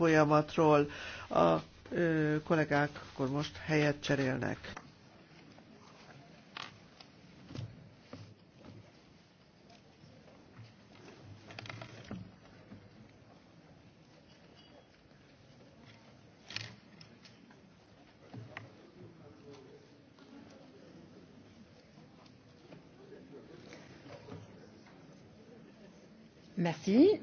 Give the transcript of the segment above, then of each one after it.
folyamatról. A ö, kollégák akkor most helyet cserélnek. Merci.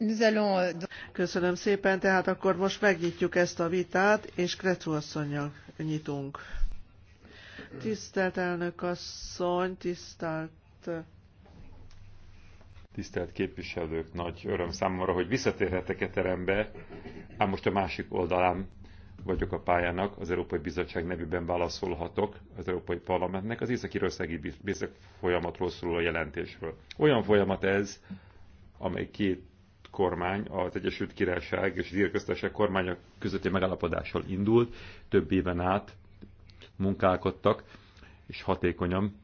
Euh, Köszönöm szépen, tehát akkor most megnyitjuk ezt a vitát, és Krecu asszonyjal nyitunk. Tisztelt elnök asszony, tisztelt... Tisztelt képviselők, nagy öröm számomra, hogy visszatérhetek a e terembe, ám most a másik oldalán vagyok a pályának, az Európai Bizottság nevében válaszolhatok az Európai Parlamentnek az észak-irországi folyamatról szóló jelentésről. Olyan folyamat ez, amely két kormány, az Egyesült Királyság és az Írköztesek kormánya közötti megállapodással indult, több éven át munkálkodtak, és hatékonyan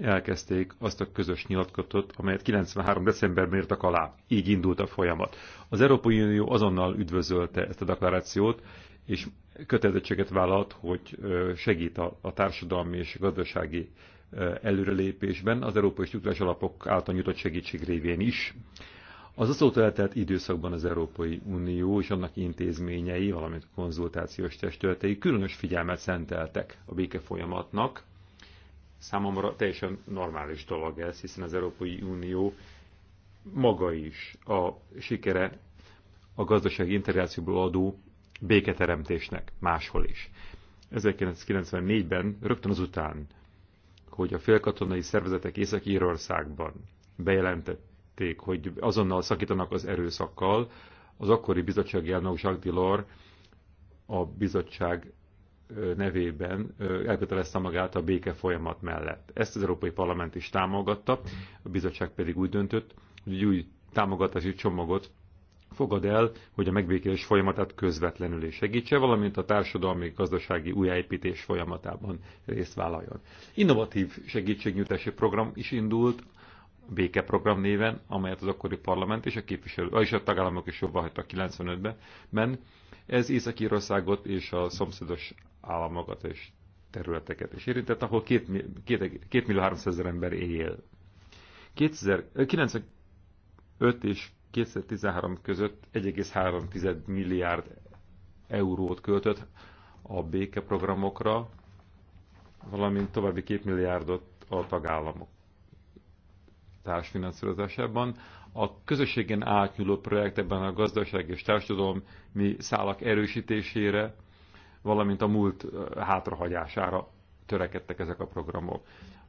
elkezdték azt a közös nyilatkozatot, amelyet 93. decemberben írtak alá. Így indult a folyamat. Az Európai Unió azonnal üdvözölte ezt a deklarációt, és kötelezettséget vállalt, hogy segít a, társadalmi és gazdasági előrelépésben az Európai Struktúrás Alapok által nyújtott segítség révén is. Az azóta eltelt időszakban az Európai Unió és annak intézményei, valamint a konzultációs testületei különös figyelmet szenteltek a béke folyamatnak. Számomra teljesen normális dolog ez, hiszen az Európai Unió maga is a sikere a gazdasági integrációból adó béketeremtésnek máshol is. 1994-ben, rögtön azután, hogy a félkatonai szervezetek Észak-Írországban bejelentett tették, hogy azonnal szakítanak az erőszakkal. Az akkori bizottsági elnök Jacques Delors a bizottság nevében elkötelezte magát a béke folyamat mellett. Ezt az Európai Parlament is támogatta, a bizottság pedig úgy döntött, hogy egy új támogatási csomagot fogad el, hogy a megbékélés folyamatát közvetlenül is segítse, valamint a társadalmi gazdasági újjáépítés folyamatában részt vállaljon. Innovatív segítségnyújtási program is indult, békeprogram néven, amelyet az akkori parlament és a képviselő, ah, és a tagállamok is jobban hagytak 95-ben, men ez Észak-Írországot és a szomszédos államokat és területeket is érintett, ahol 2 millió 300 ezer ember él. 95 és 2013 között 1,3 milliárd eurót költött a békeprogramokra, valamint további 2 milliárdot a tagállamok társfinanszírozásában. A közösségen átnyúló projekt ebben a gazdaság és társadalom mi szálak erősítésére, valamint a múlt hátrahagyására törekedtek ezek a programok.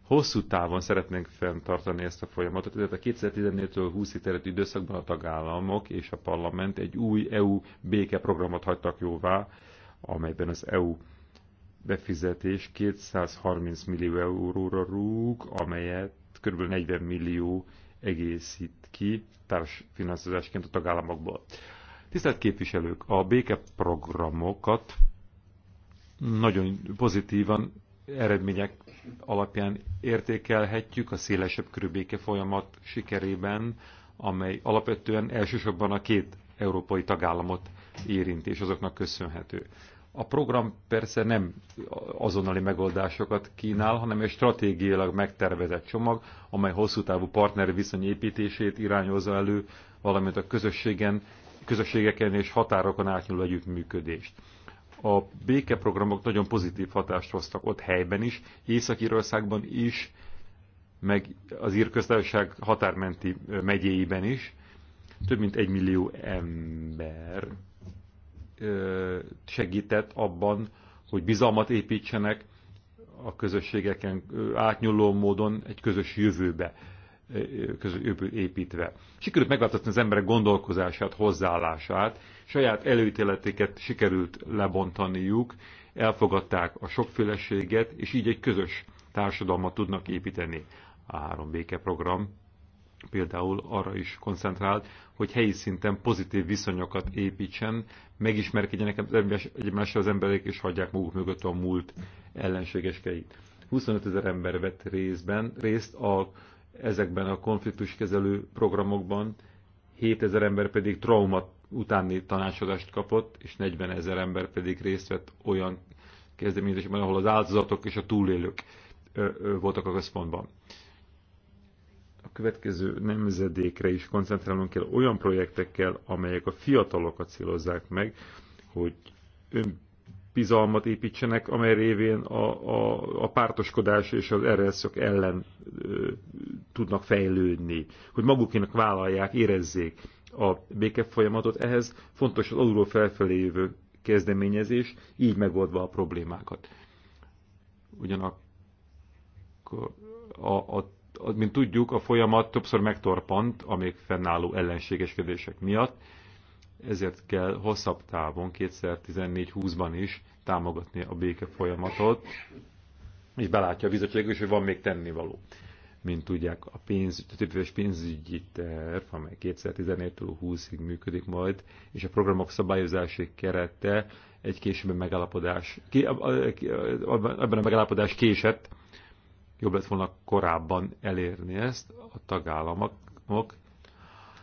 Hosszú távon szeretnénk fenntartani ezt a folyamatot, tehát a 2014-től 20-ig időszakban a tagállamok és a parlament egy új EU békeprogramot hagytak jóvá, amelyben az EU befizetés 230 millió euróra rúg, amelyet kb. 40 millió egészít ki társfinanszírozásként a tagállamokból. Tisztelt képviselők, a békeprogramokat nagyon pozitívan eredmények alapján értékelhetjük a szélesebb körű béke folyamat sikerében, amely alapvetően elsősorban a két európai tagállamot érint, és azoknak köszönhető. A program persze nem azonnali megoldásokat kínál, hanem egy stratégiailag megtervezett csomag, amely hosszú távú partner viszony építését irányozza elő, valamint a közösségen, közösségeken és határokon átnyúló együttműködést. A békeprogramok nagyon pozitív hatást hoztak ott helyben is, Észak-Írországban is, meg az Írköztársaság határmenti megyéiben is. Több mint egy millió ember segített abban, hogy bizalmat építsenek a közösségeken átnyúló módon egy közös jövőbe jövő építve. Sikerült megváltoztatni az emberek gondolkozását, hozzáállását, saját előítéletéket sikerült lebontaniuk, elfogadták a sokféleséget, és így egy közös társadalmat tudnak építeni. A három békeprogram például arra is koncentrált, hogy helyi szinten pozitív viszonyokat építsen, megismerkedjenek egymással az emberek, és hagyják maguk mögött a múlt ellenségeskeit. 25 ezer ember vett részben, részt a, ezekben a konfliktuskezelő programokban, 7 ezer ember pedig trauma utáni tanácsadást kapott, és 40 ezer ember pedig részt vett olyan kezdeményezésben, ahol az áldozatok és a túlélők voltak a központban következő nemzedékre is koncentrálnunk kell olyan projektekkel, amelyek a fiatalokat célozzák meg, hogy önbizalmat építsenek, amely révén a, a, a pártoskodás és az erőszak ellen ö, tudnak fejlődni, hogy magukének vállalják, érezzék a békefolyamatot folyamatot. Ehhez fontos az alulról felfelé jövő kezdeményezés, így megoldva a problémákat. Ugyanakkor a, a mint tudjuk, a folyamat többször megtorpant a még fennálló ellenségeskedések miatt, ezért kell hosszabb távon, 2014-20-ban is támogatni a béke folyamatot, és belátja a bizottság is, hogy van még tennivaló. Mint tudják, a pénz, többéves pénzügyi terv, amely 2014-től 20-ig működik majd, és a programok szabályozási kerete egy későbbi megállapodás, ki, ebben a megállapodás késett, jobb lett volna korábban elérni ezt a tagállamok.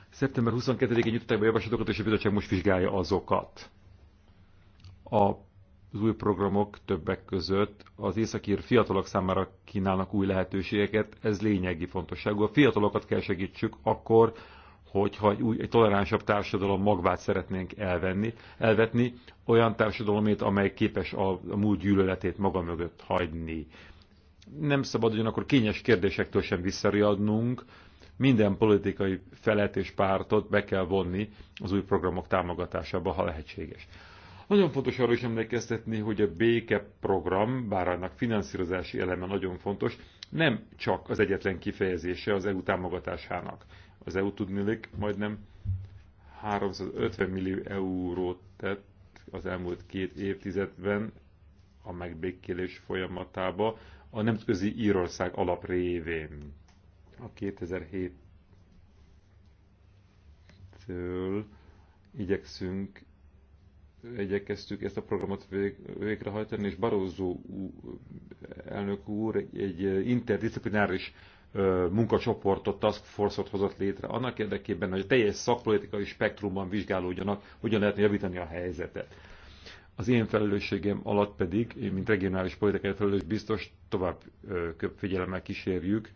Szeptember 22-én nyújtották be javaslatokat, és a bizottság most vizsgálja azokat. A az új programok többek között az északír fiatalok számára kínálnak új lehetőségeket, ez lényegi fontosságú. A fiatalokat kell segítsük akkor, hogyha egy, új, egy toleránsabb társadalom magvát szeretnénk elvenni, elvetni, olyan társadalomét, amely képes a, a múlt gyűlöletét maga mögött hagyni nem szabad ugyanakkor kényes kérdésektől sem visszariadnunk, minden politikai felet és pártot be kell vonni az új programok támogatásába, ha lehetséges. Nagyon fontos arra is emlékeztetni, hogy a béke program, bár annak finanszírozási eleme nagyon fontos, nem csak az egyetlen kifejezése az EU támogatásának. Az EU majd majdnem 350 millió eurót tett az elmúlt két évtizedben a megbékélés folyamatába a Nemzetközi Írország alap révén. A 2007-től igyekszünk igyekeztük ezt a programot vég, végrehajtani, és Barózó elnök úr egy, egy interdisziplináris munkacsoportot, task force-ot hozott létre, annak érdekében, hogy a teljes szakpolitikai spektrumban vizsgálódjanak, hogyan lehetne javítani a helyzetet. Az én felelősségem alatt pedig, én, mint regionális politikai felelős biztos, tovább figyelemmel kísérjük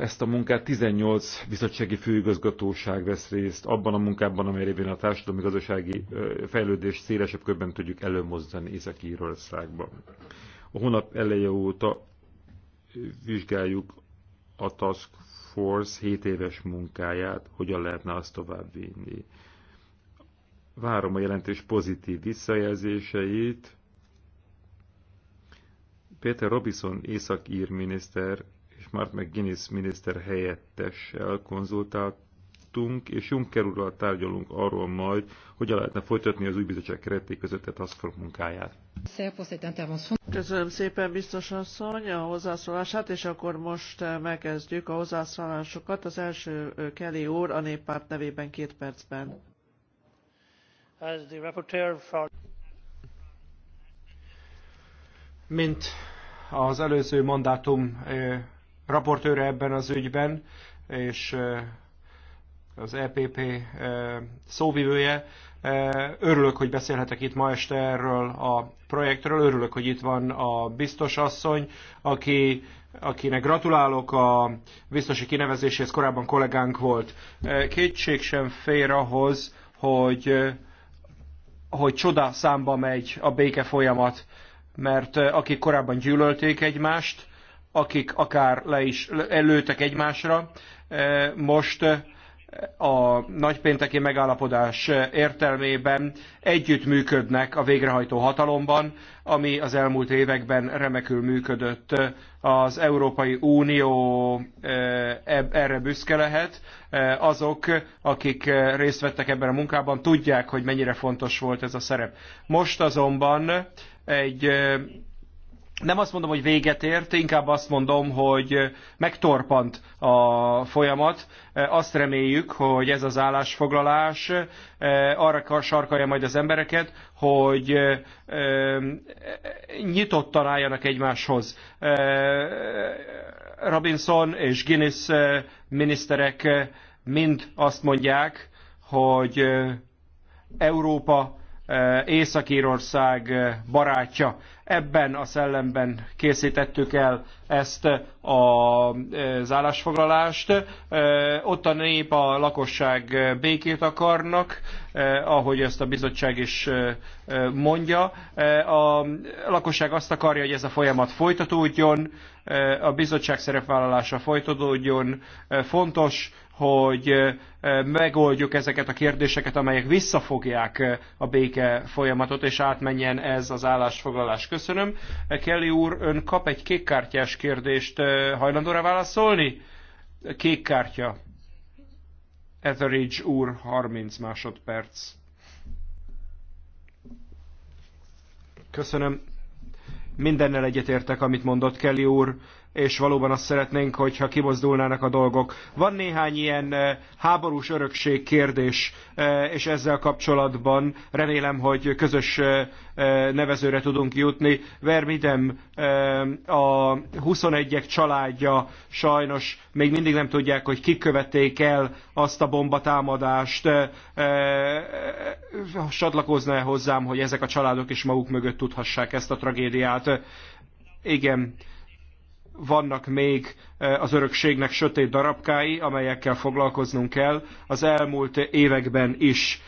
ezt a munkát 18 bizottsági főigazgatóság vesz részt abban a munkában, amely révén a társadalmi gazdasági fejlődést szélesebb körben tudjuk előmozdani északi írországban A hónap eleje óta vizsgáljuk a Task Force 7 éves munkáját, hogyan lehetne azt tovább vinni várom a jelentés pozitív visszajelzéseit. Péter Robinson észak-ír miniszter és Mark McGuinness miniszter helyettessel konzultáltunk, és Juncker úrral tárgyalunk arról majd, hogyan lehetne folytatni az új bizottság kereté között a Task munkáját. Köszönöm szépen, biztos asszony, a hozzászólását, és akkor most megkezdjük a hozzászólásokat. Az első Kelly úr a néppárt nevében két percben mint az előző mandátum eh, raportőre ebben az ügyben, és eh, az EPP eh, szóvivője. Örülök, hogy beszélhetek itt ma este erről a projektről, örülök, hogy itt van a biztos asszony, aki, akinek gratulálok a biztosi kinevezéséhez, korábban kollégánk volt. Kétség sem fér ahhoz, hogy hogy csoda számba megy a béke folyamat, mert eh, akik korábban gyűlölték egymást, akik akár le is előtek egymásra, eh, most eh, a nagypénteki megállapodás értelmében együttműködnek a végrehajtó hatalomban, ami az elmúlt években remekül működött. Az Európai Unió eh, erre büszke lehet. Eh, azok, akik részt vettek ebben a munkában, tudják, hogy mennyire fontos volt ez a szerep. Most azonban egy eh, nem azt mondom, hogy véget ért, inkább azt mondom, hogy megtorpant a folyamat. Azt reméljük, hogy ez az állásfoglalás arra sarkalja majd az embereket, hogy nyitottan álljanak egymáshoz. Robinson és Guinness miniszterek mind azt mondják, hogy Európa Észak-Írország barátja Ebben a szellemben készítettük el ezt eh, az állásfoglalást. Eh, ott a nép, a lakosság eh, békét akarnak, ahogy ezt a bizottság is mondja. A lakosság azt akarja, hogy ez a folyamat folytatódjon, a bizottság szerepvállalása folytatódjon. Fontos, hogy megoldjuk ezeket a kérdéseket, amelyek visszafogják a béke folyamatot, és átmenjen ez az állásfoglalás. Köszönöm. Kelly úr, ön kap egy kékkártyás kérdést. Hajlandóra válaszolni? Kékkártya. Etheridge úr, 30 másodperc. Köszönöm. Mindennel egyetértek, amit mondott Kelly úr, és valóban azt szeretnénk, hogyha kimozdulnának a dolgok. Van néhány ilyen háborús örökség kérdés, és ezzel kapcsolatban remélem, hogy közös nevezőre tudunk jutni. Vermidem a 21-ek családja sajnos még mindig nem tudják, hogy kikövették el azt a bombatámadást. Csatlakozna-e hozzám, hogy ezek a családok is maguk mögött tudhassák ezt a tragédiát? Igen vannak még az örökségnek sötét darabkái, amelyekkel foglalkoznunk kell. Az elmúlt években is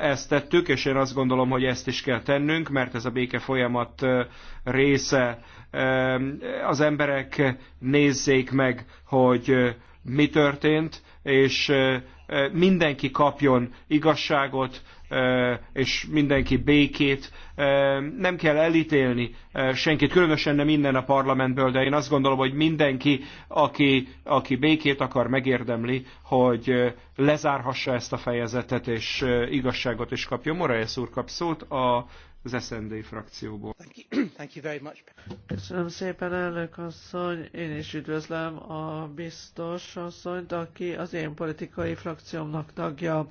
ezt tettük, és én azt gondolom, hogy ezt is kell tennünk, mert ez a béke folyamat része. Az emberek nézzék meg, hogy mi történt, és mindenki kapjon igazságot, és mindenki békét. Nem kell elítélni senkit, különösen nem innen a parlamentből, de én azt gondolom, hogy mindenki, aki, aki békét akar, megérdemli, hogy lezárhassa ezt a fejezetet, és igazságot is kapjon. Moraes úr kap szót a az SND frakcióból. Köszönöm szépen, elnök asszony. Én is üdvözlöm a biztos asszonyt, aki az én politikai frakciómnak tagja.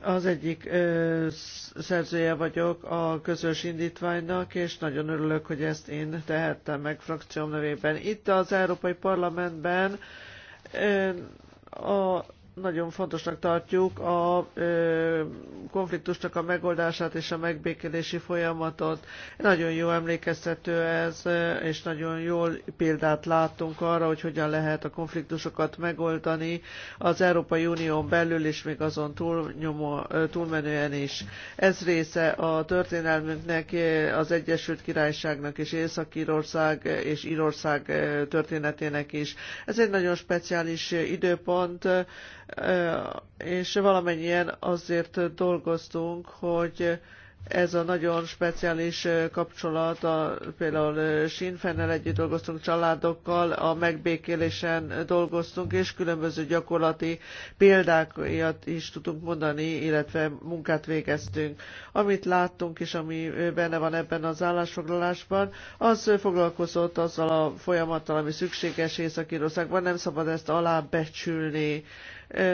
Az egyik ö, szerzője vagyok a közös indítványnak, és nagyon örülök, hogy ezt én tehettem meg frakcióm nevében. Itt az Európai Parlamentben ö, a nagyon fontosnak tartjuk a ö, konfliktusnak a megoldását és a megbékélési folyamatot. Nagyon jó emlékeztető ez, és nagyon jól példát látunk arra, hogy hogyan lehet a konfliktusokat megoldani az Európai Unión belül és még azon túl nyomó, túlmenően is. Ez része a történelmünknek, az Egyesült Királyságnak és Észak-Írország és Írország történetének is. Ez egy nagyon speciális időpont, és valamennyien azért dolgoztunk, hogy ez a nagyon speciális kapcsolat, a, például Sinfennel együtt dolgoztunk családokkal, a megbékélésen dolgoztunk, és különböző gyakorlati példákat is tudunk mondani, illetve munkát végeztünk. Amit láttunk, és ami benne van ebben az állásfoglalásban, az foglalkozott azzal a folyamattal, ami szükséges Észak-Írországban, nem szabad ezt alábecsülni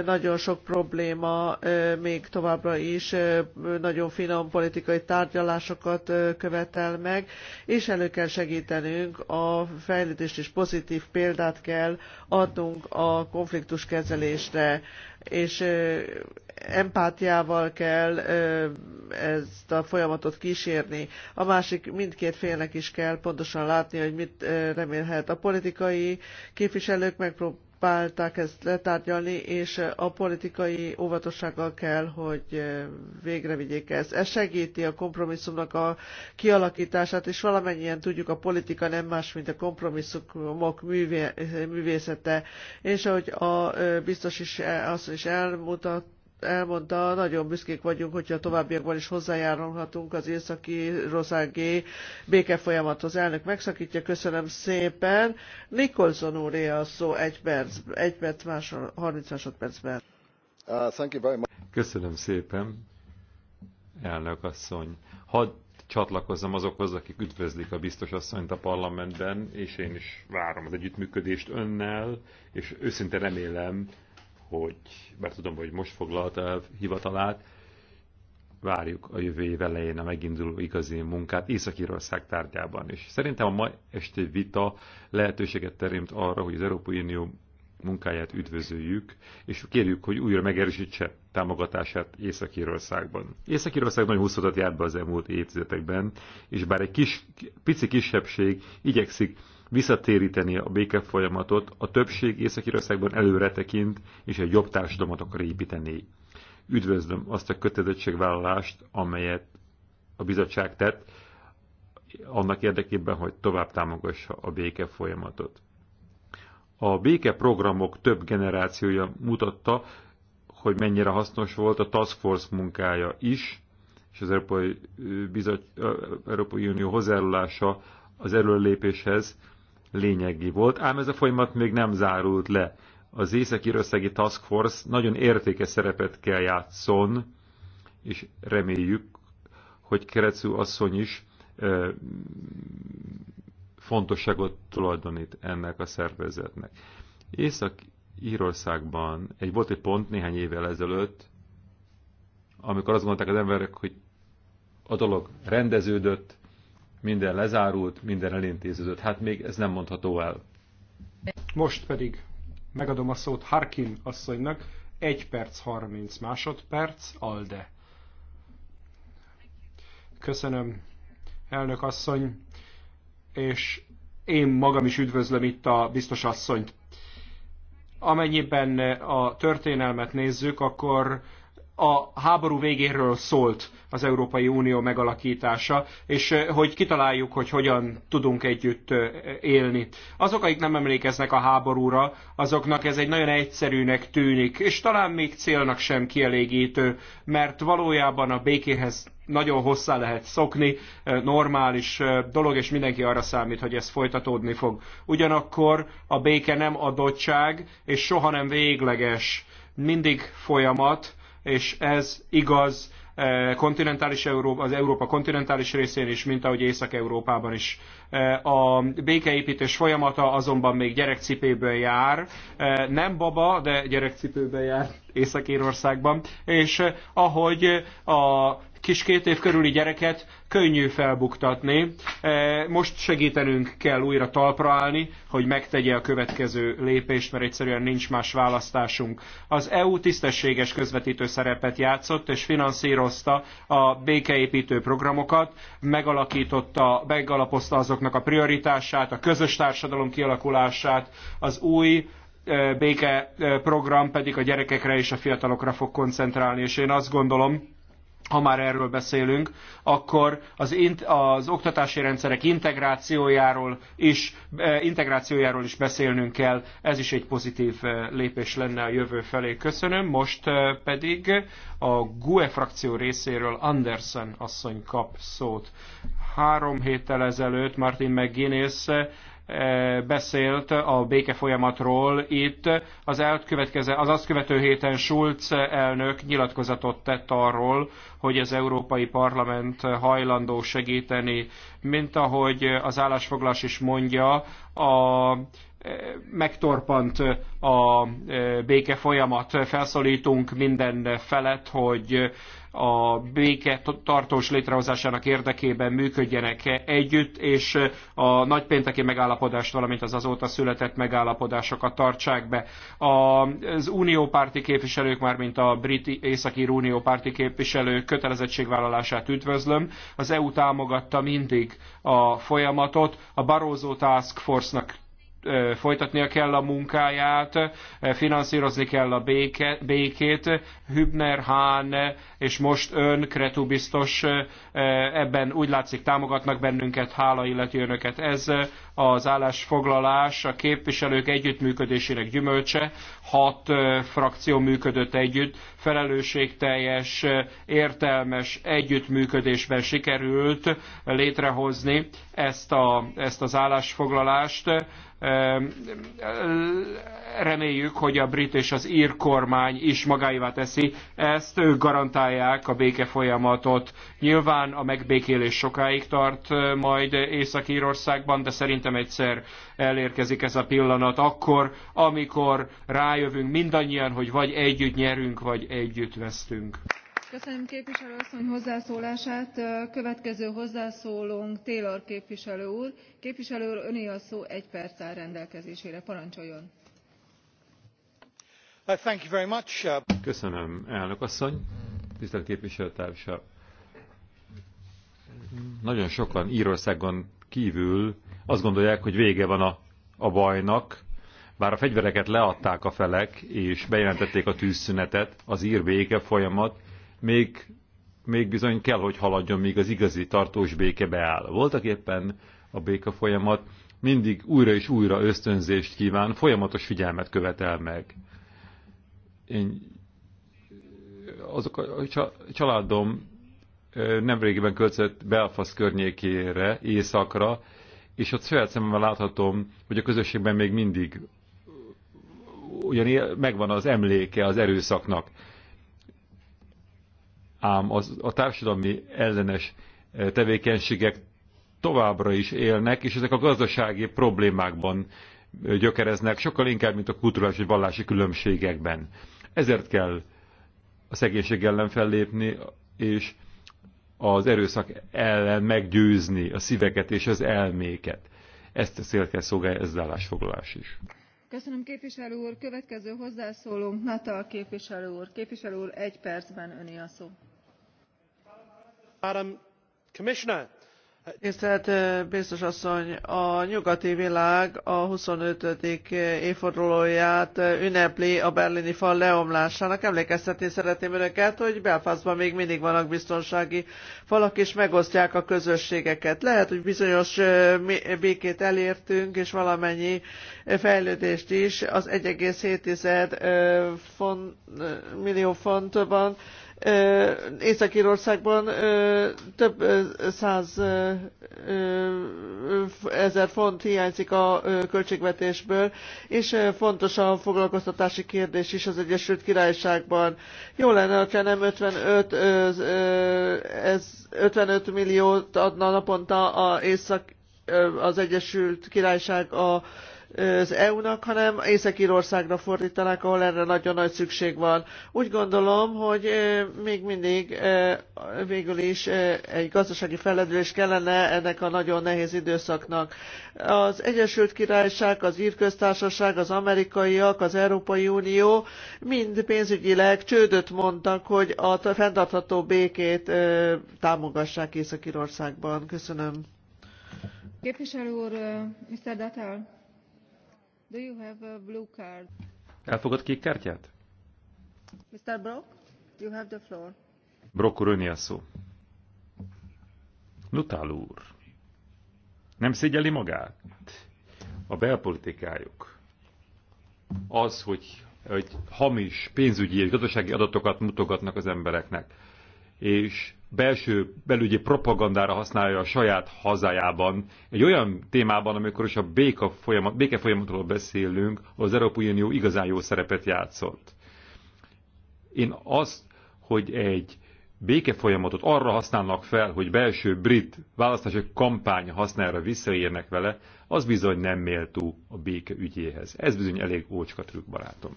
nagyon sok probléma még továbbra is, nagyon finom politikai tárgyalásokat követel meg, és elő kell segítenünk a fejlődést és pozitív példát kell adnunk a konfliktus kezelésre, és empátiával kell ezt a folyamatot kísérni. A másik mindkét félnek is kell pontosan látni, hogy mit remélhet a politikai képviselők megpróbálják próbálták ezt letárgyalni, és a politikai óvatossággal kell, hogy eh, végre vigyék ezt. Ez segíti a kompromisszumnak a kialakítását, és valamennyien tudjuk, a politika nem más, mint a kompromisszumok művészete. És ahogy a eh, biztos is, eh, azt is elmutatta, elmondta, nagyon büszkék vagyunk, hogyha továbbiakban is hozzájárulhatunk az északi rozágé békefolyamathoz. folyamathoz. Elnök megszakítja, köszönöm szépen. Nikolson úr a szó egy perc, egy perc, más, 30 másodpercben. Uh, köszönöm szépen, elnök asszony. Hadd csatlakozom azokhoz, akik üdvözlik a biztos asszonyt a parlamentben, és én is várom az együttműködést önnel, és őszinte remélem, hogy, mert tudom, hogy most foglalta el hivatalát, várjuk a jövő év elején a meginduló igazi munkát Észak-Írország tárgyában is. Szerintem a mai esti vita lehetőséget teremt arra, hogy az Európai Unió munkáját üdvözöljük, és kérjük, hogy újra megerősítse támogatását Észak-Írországban. Észak-Írország nagy hosszútat járt be az elmúlt évtizedekben, és bár egy kis, pici kisebbség igyekszik visszatéríteni a béke folyamatot, a többség Észak-Írországban előre tekint, és egy jobb társadalmat akar építeni. Üdvözlöm azt a kötelezettségvállalást, amelyet a bizottság tett, annak érdekében, hogy tovább támogassa a béke folyamatot. A békeprogramok több generációja mutatta, hogy mennyire hasznos volt a Task Force munkája is, és az Európai, Bizot, Európai Unió hozzájárulása az előlépéshez lényegi volt, ám ez a folyamat még nem zárult le. Az Észak-Írországi Task Force nagyon értékes szerepet kell játszon, és reméljük, hogy Kerecu asszony is ö, fontosságot tulajdonít ennek a szervezetnek. Észak-Írországban egy, volt egy pont néhány évvel ezelőtt, amikor azt gondolták az emberek, hogy a dolog rendeződött, minden lezárult, minden elintéződött. Hát még ez nem mondható el. Most pedig megadom a szót Harkin asszonynak, 1 perc 30 másodperc, Alde. Köszönöm, elnök asszony, és én magam is üdvözlöm itt a biztos asszonyt. Amennyiben a történelmet nézzük, akkor a háború végéről szólt az Európai Unió megalakítása, és eh, hogy kitaláljuk, hogy hogyan tudunk együtt eh, élni. Azok, akik nem emlékeznek a háborúra, azoknak ez egy nagyon egyszerűnek tűnik, és talán még célnak sem kielégítő, mert valójában a békéhez nagyon hosszá lehet szokni, eh, normális dolog, és mindenki arra számít, hogy ez folytatódni fog. Ugyanakkor a béke nem adottság, és soha nem végleges, mindig folyamat, és ez igaz eh, kontinentális Európa, az Európa kontinentális részén is, mint ahogy Észak-Európában is. Eh, a békeépítés folyamata azonban még gyerekcipőben jár, eh, nem baba, de gyerekcipőben jár. Észak-Írországban, és eh, ahogy eh, a kis két év körüli gyereket könnyű felbuktatni. Eh, most segítenünk kell újra talpra állni, hogy megtegye a következő lépést, mert egyszerűen nincs más választásunk. Az EU tisztességes közvetítő szerepet játszott és finanszírozta a békeépítő programokat, megalakította, megalapozta azoknak a prioritását, a közös társadalom kialakulását, az új béke program pedig a gyerekekre és a fiatalokra fog koncentrálni, és én azt gondolom, ha már erről beszélünk, akkor az, az oktatási rendszerek integrációjáról is, integrációjáról is beszélnünk kell. Ez is egy pozitív lépés lenne a jövő felé. Köszönöm. Most pedig a GUE frakció részéről Andersen asszony kap szót. Három héttel ezelőtt Martin McGuinness beszélt a béke folyamatról itt. Az, elkövetkező, az azt követő héten Schulz elnök nyilatkozatot tett arról, hogy az Európai Parlament hajlandó segíteni, mint ahogy az állásfoglalás is mondja, a megtorpant a e, béke folyamat. Felszólítunk minden felett, hogy a béke tartós létrehozásának érdekében működjenek együtt, és a nagypénteki megállapodást, valamint az azóta született megállapodásokat tartsák be. Az uniópárti képviselők, már mint a brit északír uniópárti képviselők kötelezettségvállalását üdvözlöm. Az EU támogatta mindig a folyamatot, a Barózó Task Force-nak folytatnia kell a munkáját, finanszírozni kell a béke, békét. Hübner, Hahn és most ön, Kretu biztos ebben úgy látszik támogatnak bennünket, hála illeti önöket. Ez az állásfoglalás a képviselők együttműködésének gyümölcse. Hat frakció működött együtt, felelősségteljes, értelmes együttműködésben sikerült létrehozni ezt, a, ezt az állásfoglalást Reméljük, hogy a brit és az ír kormány is magáévá teszi ezt, ők garantálják a béke folyamatot. Nyilván a megbékélés sokáig tart majd Észak-Írországban, de szerintem egyszer elérkezik ez a pillanat akkor, amikor rájövünk mindannyian, hogy vagy együtt nyerünk, vagy együtt vesztünk köszönöm képviselő asszony hozzászólását. következő hozzászólónk taylor képviselő úr. képviselő úr öné a szó egy perc áll rendelkezésére parancsoljon! Uh, uh, köszönöm elnök asszony tisztelt képviselőtársak! nagyon sokan Írországon kívül azt gondolják hogy vége van a, a bajnak bár a fegyvereket leadták a felek és bejelentették a tűzszünetet az ír béke folyamat még, még bizony kell, hogy haladjon, míg az igazi tartós béke beáll. Voltak éppen a béka folyamat, mindig újra és újra ösztönzést kíván, folyamatos figyelmet követel meg. Én azok a családom nemrégiben költözött Belfast környékére, éjszakra, és ott saját szememmel láthatom, hogy a közösségben még mindig ugyan megvan az emléke az erőszaknak, ám az, a társadalmi ellenes eh, tevékenységek továbbra is élnek, és ezek a gazdasági problémákban eh, gyökereznek, sokkal inkább, mint a kulturális vagy vallási különbségekben. Ezért kell a szegénység ellen fellépni, és az erőszak ellen meggyőzni a szíveket és az elméket. Ezt a célt kell szolgálja ez állásfoglalás is. Köszönöm képviselő úr. Következő hozzászólónk Natal képviselő úr. Képviselő úr, egy percben öné a szó tisztelt biztos asszony! a nyugati világ a twenty five évfordulóját ünnepli a berlini fal leomlásának. emlékeztetni szeretném önöket hogy belfastban még mindig vannak biztonsági falak és megosztják a közösségeket. lehet hogy bizonyos békét elértünk és valamennyi fejlődést is az one seven millió fontban Észak-Írországban több száz ezer font hiányzik a költségvetésből, és fontos a foglalkoztatási kérdés is az Egyesült Királyságban. Jó lenne, ha nem 55, ez 55 milliót adna naponta a észak az Egyesült Királyság a az EU-nak, hanem Észak-Írországra fordítanák, ahol erre nagyon nagy szükség van. Úgy gondolom, hogy még mindig végül is egy gazdasági fellendülés kellene ennek a nagyon nehéz időszaknak. Az Egyesült Királyság, az Ír Köztársaság, az amerikaiak, az Európai Unió mind pénzügyileg csődöt mondtak, hogy a fenntartható békét támogassák Észak-Írországban. Köszönöm. Képviselő úr, Mr. Datel. Do you have a blue card? Elfogad kék kártyát? Mr. Brock, you have the floor. Brock úr, a szó. Lutál úr, nem szégyeli magát? A belpolitikájuk az, hogy, hogy hamis pénzügyi és gazdasági adatokat mutogatnak az embereknek, és belső belügyi propagandára használja a saját hazájában. Egy olyan témában, amikor is a béka folyamat, béke folyamatról beszélünk, az Európai Unió igazán jó szerepet játszott. Én azt, hogy egy béke folyamatot arra használnak fel, hogy belső brit választási kampány használára visszaérnek vele, az bizony nem méltó a béke ügyéhez. Ez bizony elég ócska trükk, barátom.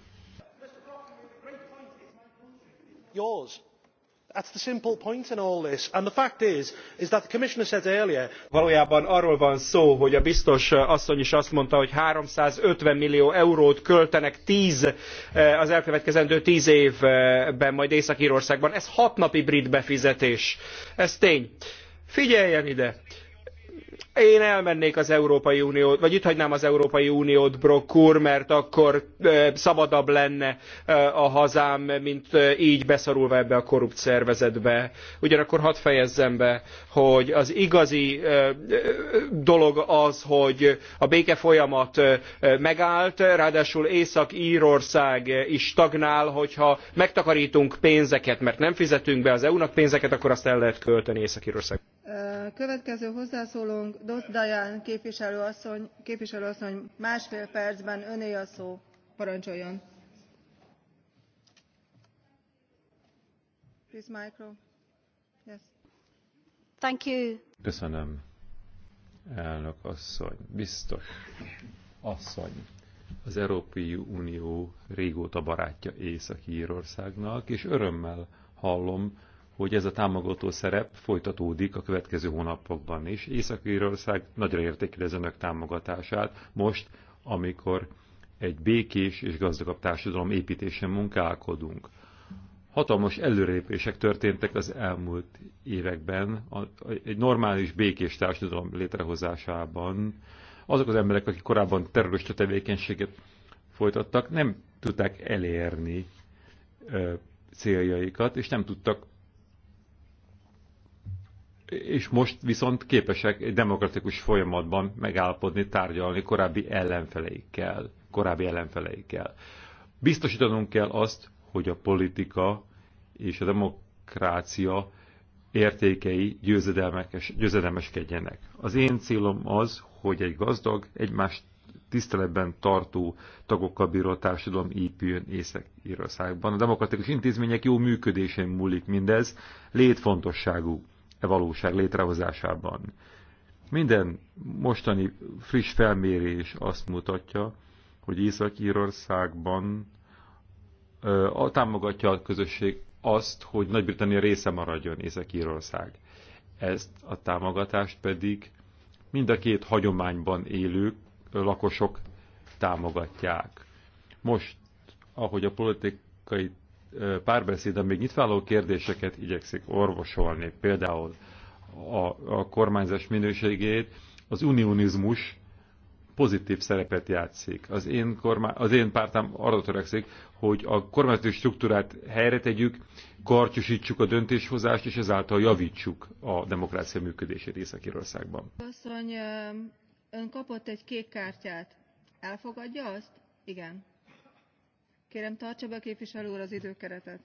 Yours that is the simple point in all this and the fact is is that the commissioner said earlier. valójában arról van szó hogy a biztos asszony is azt mondta hogy three hundred and fifty millió eurót költenek tz eh, az elkövetkezendő tz évben majd észak rországban. ez hatnapi brit befizetés ez tény. figyeljen ide! Én elmennék az Európai Uniót, vagy itt hagynám az Európai Uniót, Brock úr, mert akkor szabadabb lenne a hazám, mint így beszorulva ebbe a korrupt szervezetbe. Ugyanakkor hadd fejezzem be, hogy az igazi dolog az, hogy a béke folyamat megállt, ráadásul Észak-Írország is stagnál, hogyha megtakarítunk pénzeket, mert nem fizetünk be az EU-nak pénzeket, akkor azt el lehet költeni Észak-Írország. Következő hozzászólónk dodds diane képviselő asszony, képviselő asszony másfél percben öné a szó parancsoljon! Yes. Thank you. köszönöm elnök asszony biztos asszony az európai unió régóta barátja észak rországnak és örömmel hallom hogy ez a támogató szerep folytatódik a következő hónapokban is. Észak-Írország nagyra értékeli az önök támogatását most, amikor egy békés és gazdagabb társadalom építésen munkálkodunk. Hatalmas előrépések történtek az elmúlt években, a, a, egy normális békés társadalom létrehozásában. Azok az emberek, akik korábban terrorista tevékenységet folytattak, nem tudták elérni ö, céljaikat, és nem tudtak és most viszont képesek egy demokratikus folyamatban megállapodni, tárgyalni korábbi ellenfeleikkel. Korábbi ellenfeleikkel. Biztosítanunk kell azt, hogy a politika és a demokrácia értékei győzedelmeskedjenek. Az én célom az, hogy egy gazdag, egymást tiszteletben tartó tagokkal bíró társadalom épüljön Észak-Írországban. A demokratikus intézmények jó működésén múlik mindez, létfontosságú. E valóság létrehozásában. Minden mostani friss felmérés azt mutatja, hogy Észak-Írországban támogatja a közösség azt, hogy Nagy-Britannia része maradjon Észak-Írország. Ezt a támogatást pedig mind a két hagyományban élő lakosok támogatják. Most, ahogy a politikai Párbeszédben még nyitváló kérdéseket igyekszik orvosolni, például a, a kormányzás minőségét, az unionizmus pozitív szerepet játszik. Az én, kormány, az én pártám arra törekszik, hogy a kormányzati struktúrát helyre tegyük, kartyosítsuk a döntéshozást, és ezáltal javítsuk a demokrácia működését észak irországban Asszony, ön kapott egy kék kártyát. Elfogadja azt? Igen kérem tartsa be képviselő úr az időkeretet.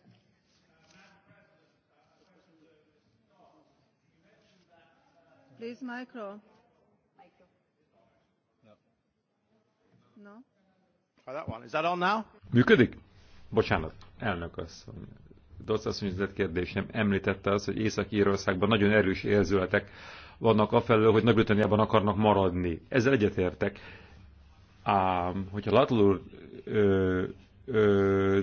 Please micro. No. Is that on now? Működik? Bocsánat, elnök asszony. Dosz asszony kérdésem említette azt, hogy Észak-Írországban nagyon erős érzületek vannak afelől, hogy Nagy-Britanniában akarnak maradni. Ezzel egyetértek. Ám, hogyha Latul úr ö, ö,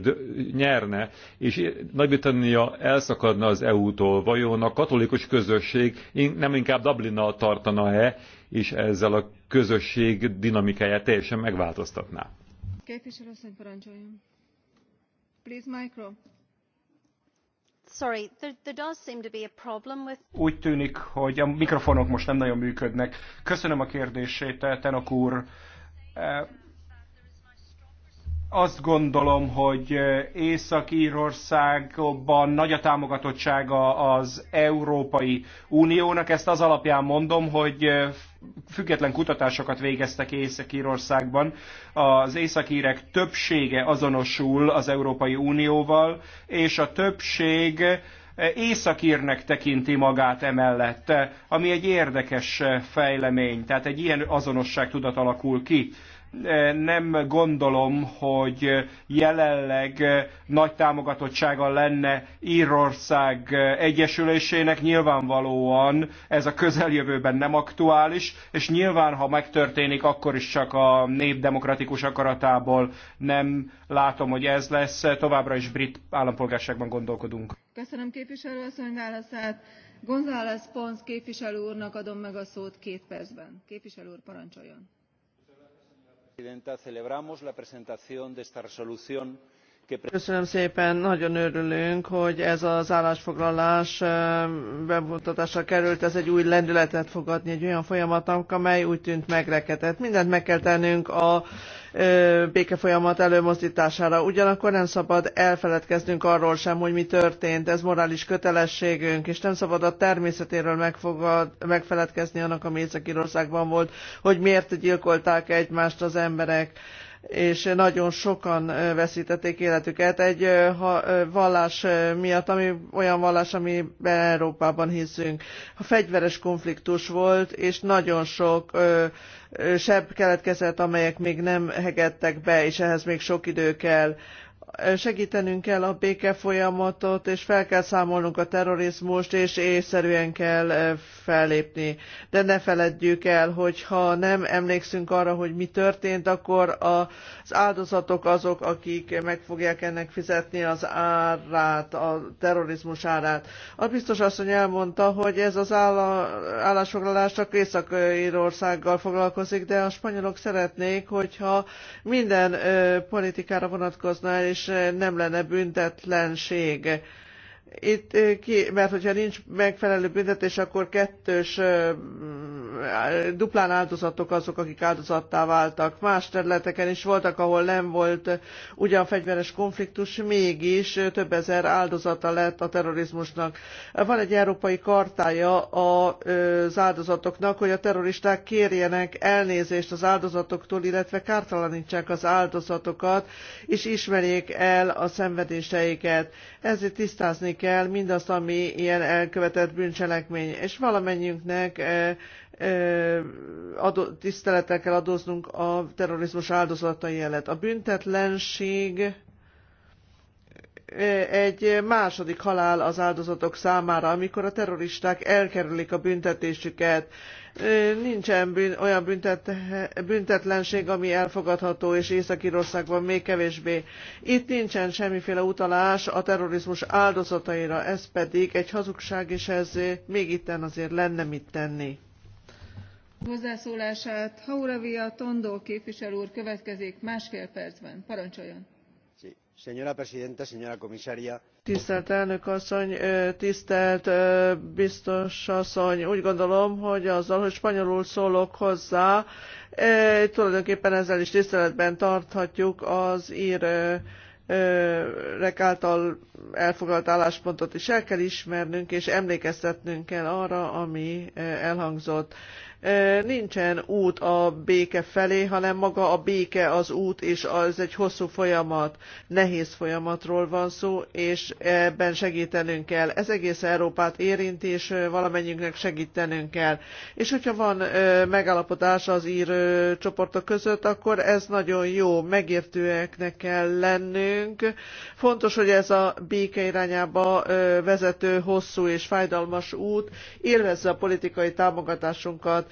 nyerne, és Nagy-Britannia elszakadna az EU-tól, vajon a katolikus közösség nem inkább Dublinnal tartana-e, és ezzel a közösség dinamikáját teljesen megváltoztatná? asszony, parancsoljon. Please, micro. Sorry, there, there does seem to be a problem with... Úgy tűnik, hogy a mikrofonok most nem nagyon működnek. Köszönöm a kérdését, Tenok úr azt gondolom, hogy eh, Észak-Írországban nagy a támogatottsága az Európai Uniónak. Ezt az alapján mondom, hogy eh, független kutatásokat végeztek Észak-Írországban. Az északírek többsége azonosul az Európai Unióval, és a többség eh, északírnek tekinti magát emellett, ami egy érdekes fejlemény. Tehát egy ilyen azonosság tudat alakul ki nem gondolom, hogy jelenleg nagy támogatottsága lenne Írország egyesülésének. Nyilvánvalóan ez a közeljövőben nem aktuális, és nyilván, ha megtörténik, akkor is csak a nép demokratikus akaratából nem látom, hogy ez lesz. Továbbra is brit állampolgárságban gondolkodunk. Köszönöm képviselő asszony válaszát. González Pons képviselő úrnak adom meg a szót két percben. Képviselő úr, parancsoljon! presidenta celebramos la presentación de esta resolución que Köszönöm szépen, nagyon örülünk, hogy ez az állásfoglalás bemutatása került, ez egy új lendületet fogadni egy olyan folyamatnak, amely úgy tűnt megrekedett. Mindent meg kell tennünk a békefolyamat előmozdítására. Ugyanakkor nem szabad elfeledkeznünk arról sem, hogy mi történt, ez morális kötelességünk, és nem szabad a természetéről megfogad, megfeledkezni annak, ami Észak-Írországban volt, hogy miért gyilkolták egymást az emberek és nagyon sokan veszítették életüket egy vallás miatt, ami olyan vallás, amiben Európában hiszünk. A fegyveres konfliktus volt, és nagyon sok sebb keletkezett, amelyek még nem hegedtek be, és ehhez még sok idő kell segítenünk kell a béke folyamatot, és fel kell számolnunk a terrorizmust, és észszerűen kell fellépni. De ne feledjük el, hogy ha nem emlékszünk arra, hogy mi történt, akkor az áldozatok azok, akik meg fogják ennek fizetni az árát, a terrorizmus árát. A biztos asszony elmondta, hogy ez az állásfoglalás csak Észak-Írországgal foglalkozik, de a spanyolok szeretnék, hogyha minden politikára vonatkozna, és nem lenne büntetlenség. Itt eh, ki, mert hogyha nincs megfelelő büntetés, akkor kettős eh, duplán áldozatok azok, akik áldozattá váltak. Más területeken is voltak, ahol nem volt ugyan fegyveres konfliktus, mégis több ezer áldozata lett a terrorizmusnak. Van egy európai kartája az áldozatoknak, hogy a terroristák kérjenek elnézést az áldozatoktól, illetve kártalanítsák az áldozatokat, és ismerjék el a szenvedéseiket. Ezért tisztázni kell mindazt, ami ilyen elkövetett bűncselekmény, és valamennyiünknek eh, adó, tisztelettel kell adóznunk a terrorizmus áldozatai jelet. A büntetlenség egy második halál az áldozatok számára, amikor a terroristák elkerülik a büntetésüket. Nincsen bűn, olyan büntet, büntetlenség, ami elfogadható, és Észak-Írországban még kevésbé. Itt nincsen semmiféle utalás a terrorizmus áldozataira, ez pedig egy hazugság, és ez még itten azért lenne mit tenni hozzászólását hauravia tondo képviselő úr következik másfél percben. parancsoljon! señora presidenta señora tisztelt elnök asszony tisztelt biztos asszony úgy gondolom hogy azzal hogy spanyolul szólok hozzá tulajdonképpen ezzel is tiszteletben tarthatjuk az ír rek által elfoglalt álláspontot is el kell ismernünk és emlékeztetnünk kell arra ami elhangzott nincsen út a béke felé, hanem maga a béke az út, és az egy hosszú folyamat, nehéz folyamatról van szó, és ebben segítenünk kell. Ez egész Európát érint, és valamennyiünknek segítenünk kell. És hogyha van megállapodás az ír csoportok között, akkor ez nagyon jó, megértőeknek kell lennünk. Fontos, hogy ez a béke irányába vezető hosszú és fájdalmas út élvezze a politikai támogatásunkat,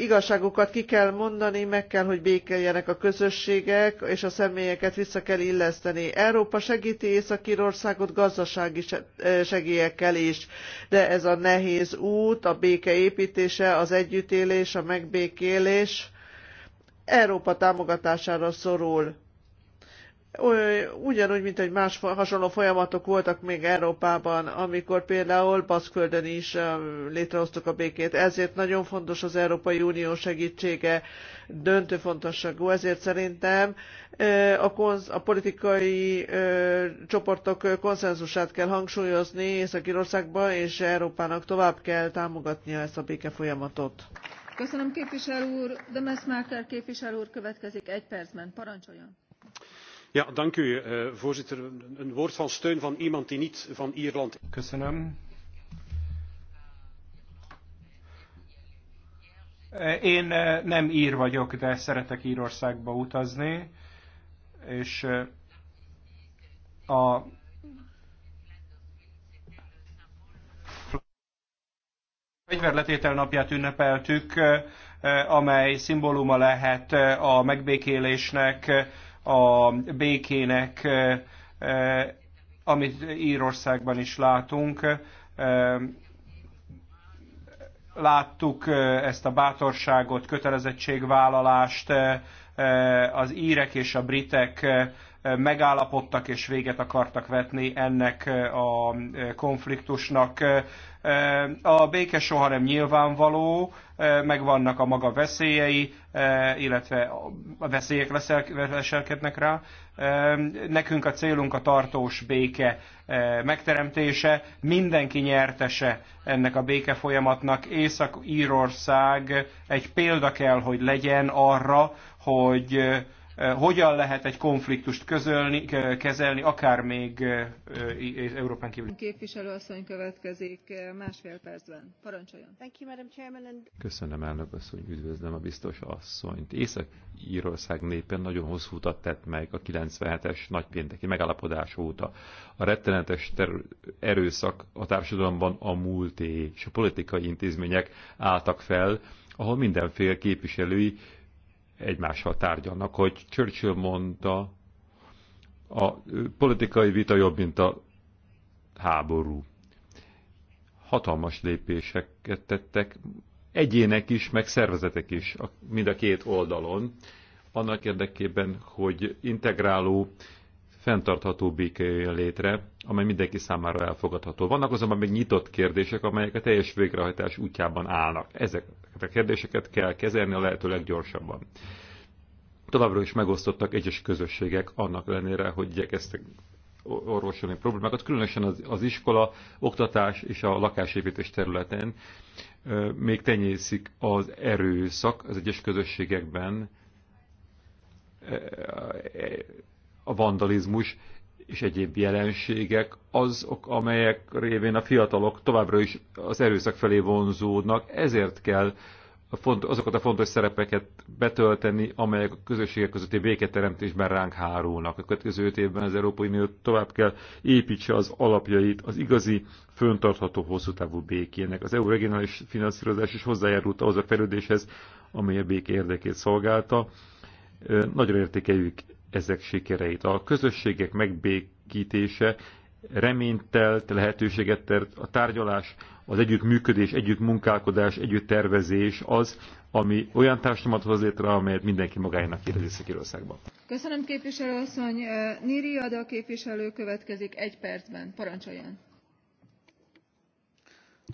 igazságokat ki kell mondani, meg kell, hogy békeljenek a közösségek, és a személyeket vissza kell illeszteni. Európa segíti Észak-Írországot gazdasági segélyekkel is, de ez a nehéz út, a béke építése, az együttélés, a megbékélés Európa támogatására szorul ugyanúgy, mint egy más hasonló folyamatok voltak még Európában, amikor például Baszkföldön is létrehoztuk a békét. Ezért nagyon fontos az Európai Unió segítsége, döntő fontosságú. Ezért szerintem a, konz, a politikai csoportok konszenzusát kell hangsúlyozni észak irországban és Európának tovább kell támogatnia ezt a béke folyamatot. Köszönöm képviselő úr, de Messmaker képviselő úr következik egy percben. Parancsoljon! Eh, voorzitter een woord van steun van iemand die niet van ierland is. Eh, én eh, nem r vagyok de szeretek rországba utazni és a fegyverletétel napját ünnepeltük, amely szimbóluma lehet a megbékélésnek, a békének, eh, eh, amit Írországban is látunk. Eh, láttuk ezt a bátorságot, kötelezettségvállalást, az írek és a britek megállapodtak és véget akartak vetni ennek a konfliktusnak. A béke soha nem nyilvánvaló, megvannak a maga veszélyei, illetve a veszélyek leselkednek rá. Nekünk a célunk a tartós béke megteremtése, mindenki nyertese ennek a béke folyamatnak. Észak-Írország egy példa kell, hogy legyen arra, hogy Eh, hogyan lehet egy konfliktust közölni, kezelni, akár még eh, Európán kívül. Képviselőasszony következik eh, másfél percben. Parancsoljon. Köszönöm, elnök asszony, üdvözlöm a biztos asszonyt. Észak-Írország népen nagyon hosszú utat tett meg a 97-es nagypénteki megállapodás óta. A rettenetes erőszak a társadalomban a múlté és a politikai intézmények álltak fel, ahol mindenféle képviselői egymással tárgyalnak. Hogy Churchill mondta, a politikai vita jobb, mint a háború. Hatalmas lépéseket tettek egyének is, meg szervezetek is, mind a két oldalon, annak érdekében, hogy integráló fenntartható béke jöjjön létre, amely mindenki számára elfogadható. Vannak azonban még nyitott kérdések, amelyek a teljes végrehajtás útjában állnak. Ezeket a kérdéseket kell kezelni a lehető leggyorsabban. Továbbra is megosztottak egyes közösségek annak ellenére, hogy igyekeztek orvosolni problémákat, különösen az, az iskola, oktatás és a lakásépítés területen még tenyészik az erőszak az egyes közösségekben, a vandalizmus és egyéb jelenségek azok, amelyek révén a fiatalok továbbra is az erőszak felé vonzódnak, ezért kell azokat a fontos szerepeket betölteni, amelyek a közösségek közötti béketeremtésben ránk hárulnak. A következő öt évben az Európai Unió tovább kell építse az alapjait az igazi, föntartható hosszú távú békének. Az EU regionális finanszírozás is hozzájárult ahhoz a fejlődéshez, amely a béke érdekét szolgálta. Nagyon értékeljük ezek sikereit. A közösségek megbékítése reménytelt lehetőséget tett a tárgyalás, az együttműködés, együttmunkálkodás, együtttervezés az, ami olyan társadalmat hoz létre, amelyet mindenki magáénak érez Szekirországban. írországban Köszönöm képviselőasszony. Niri Ada képviselő következik egy percben. Parancsoljon.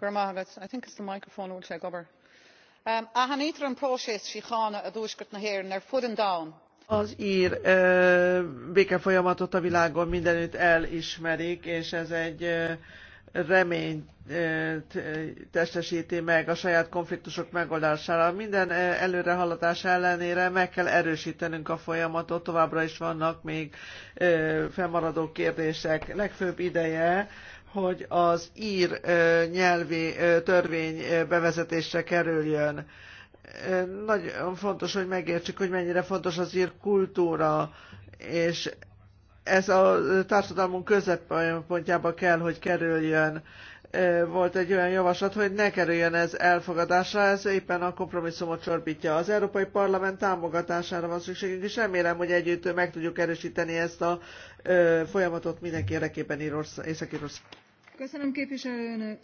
I think it's the microphone which I cover. Um, a hanétran process síchána a az ír ö, békefolyamatot a világon mindenütt elismerik, és ez egy ö, reményt testesíti meg a saját konfliktusok megoldására. Minden előrehaladás ellenére meg kell erősítenünk a folyamatot, továbbra is vannak még fennmaradó kérdések. Legfőbb ideje, hogy az ír nyelvi törvény bevezetésre kerüljön nagyon fontos, hogy megértsük, hogy mennyire fontos az ír kultúra, és ez a társadalmunk középpontjába kell, hogy kerüljön. Volt egy olyan javaslat, hogy ne kerüljön ez elfogadásra, ez éppen a kompromisszumot csorbítja. Az Európai Parlament támogatására van szükségünk, és remélem, hogy együtt meg tudjuk erősíteni ezt a folyamatot mindenki érdekében Észak-Írország. Köszönöm képviselőnök.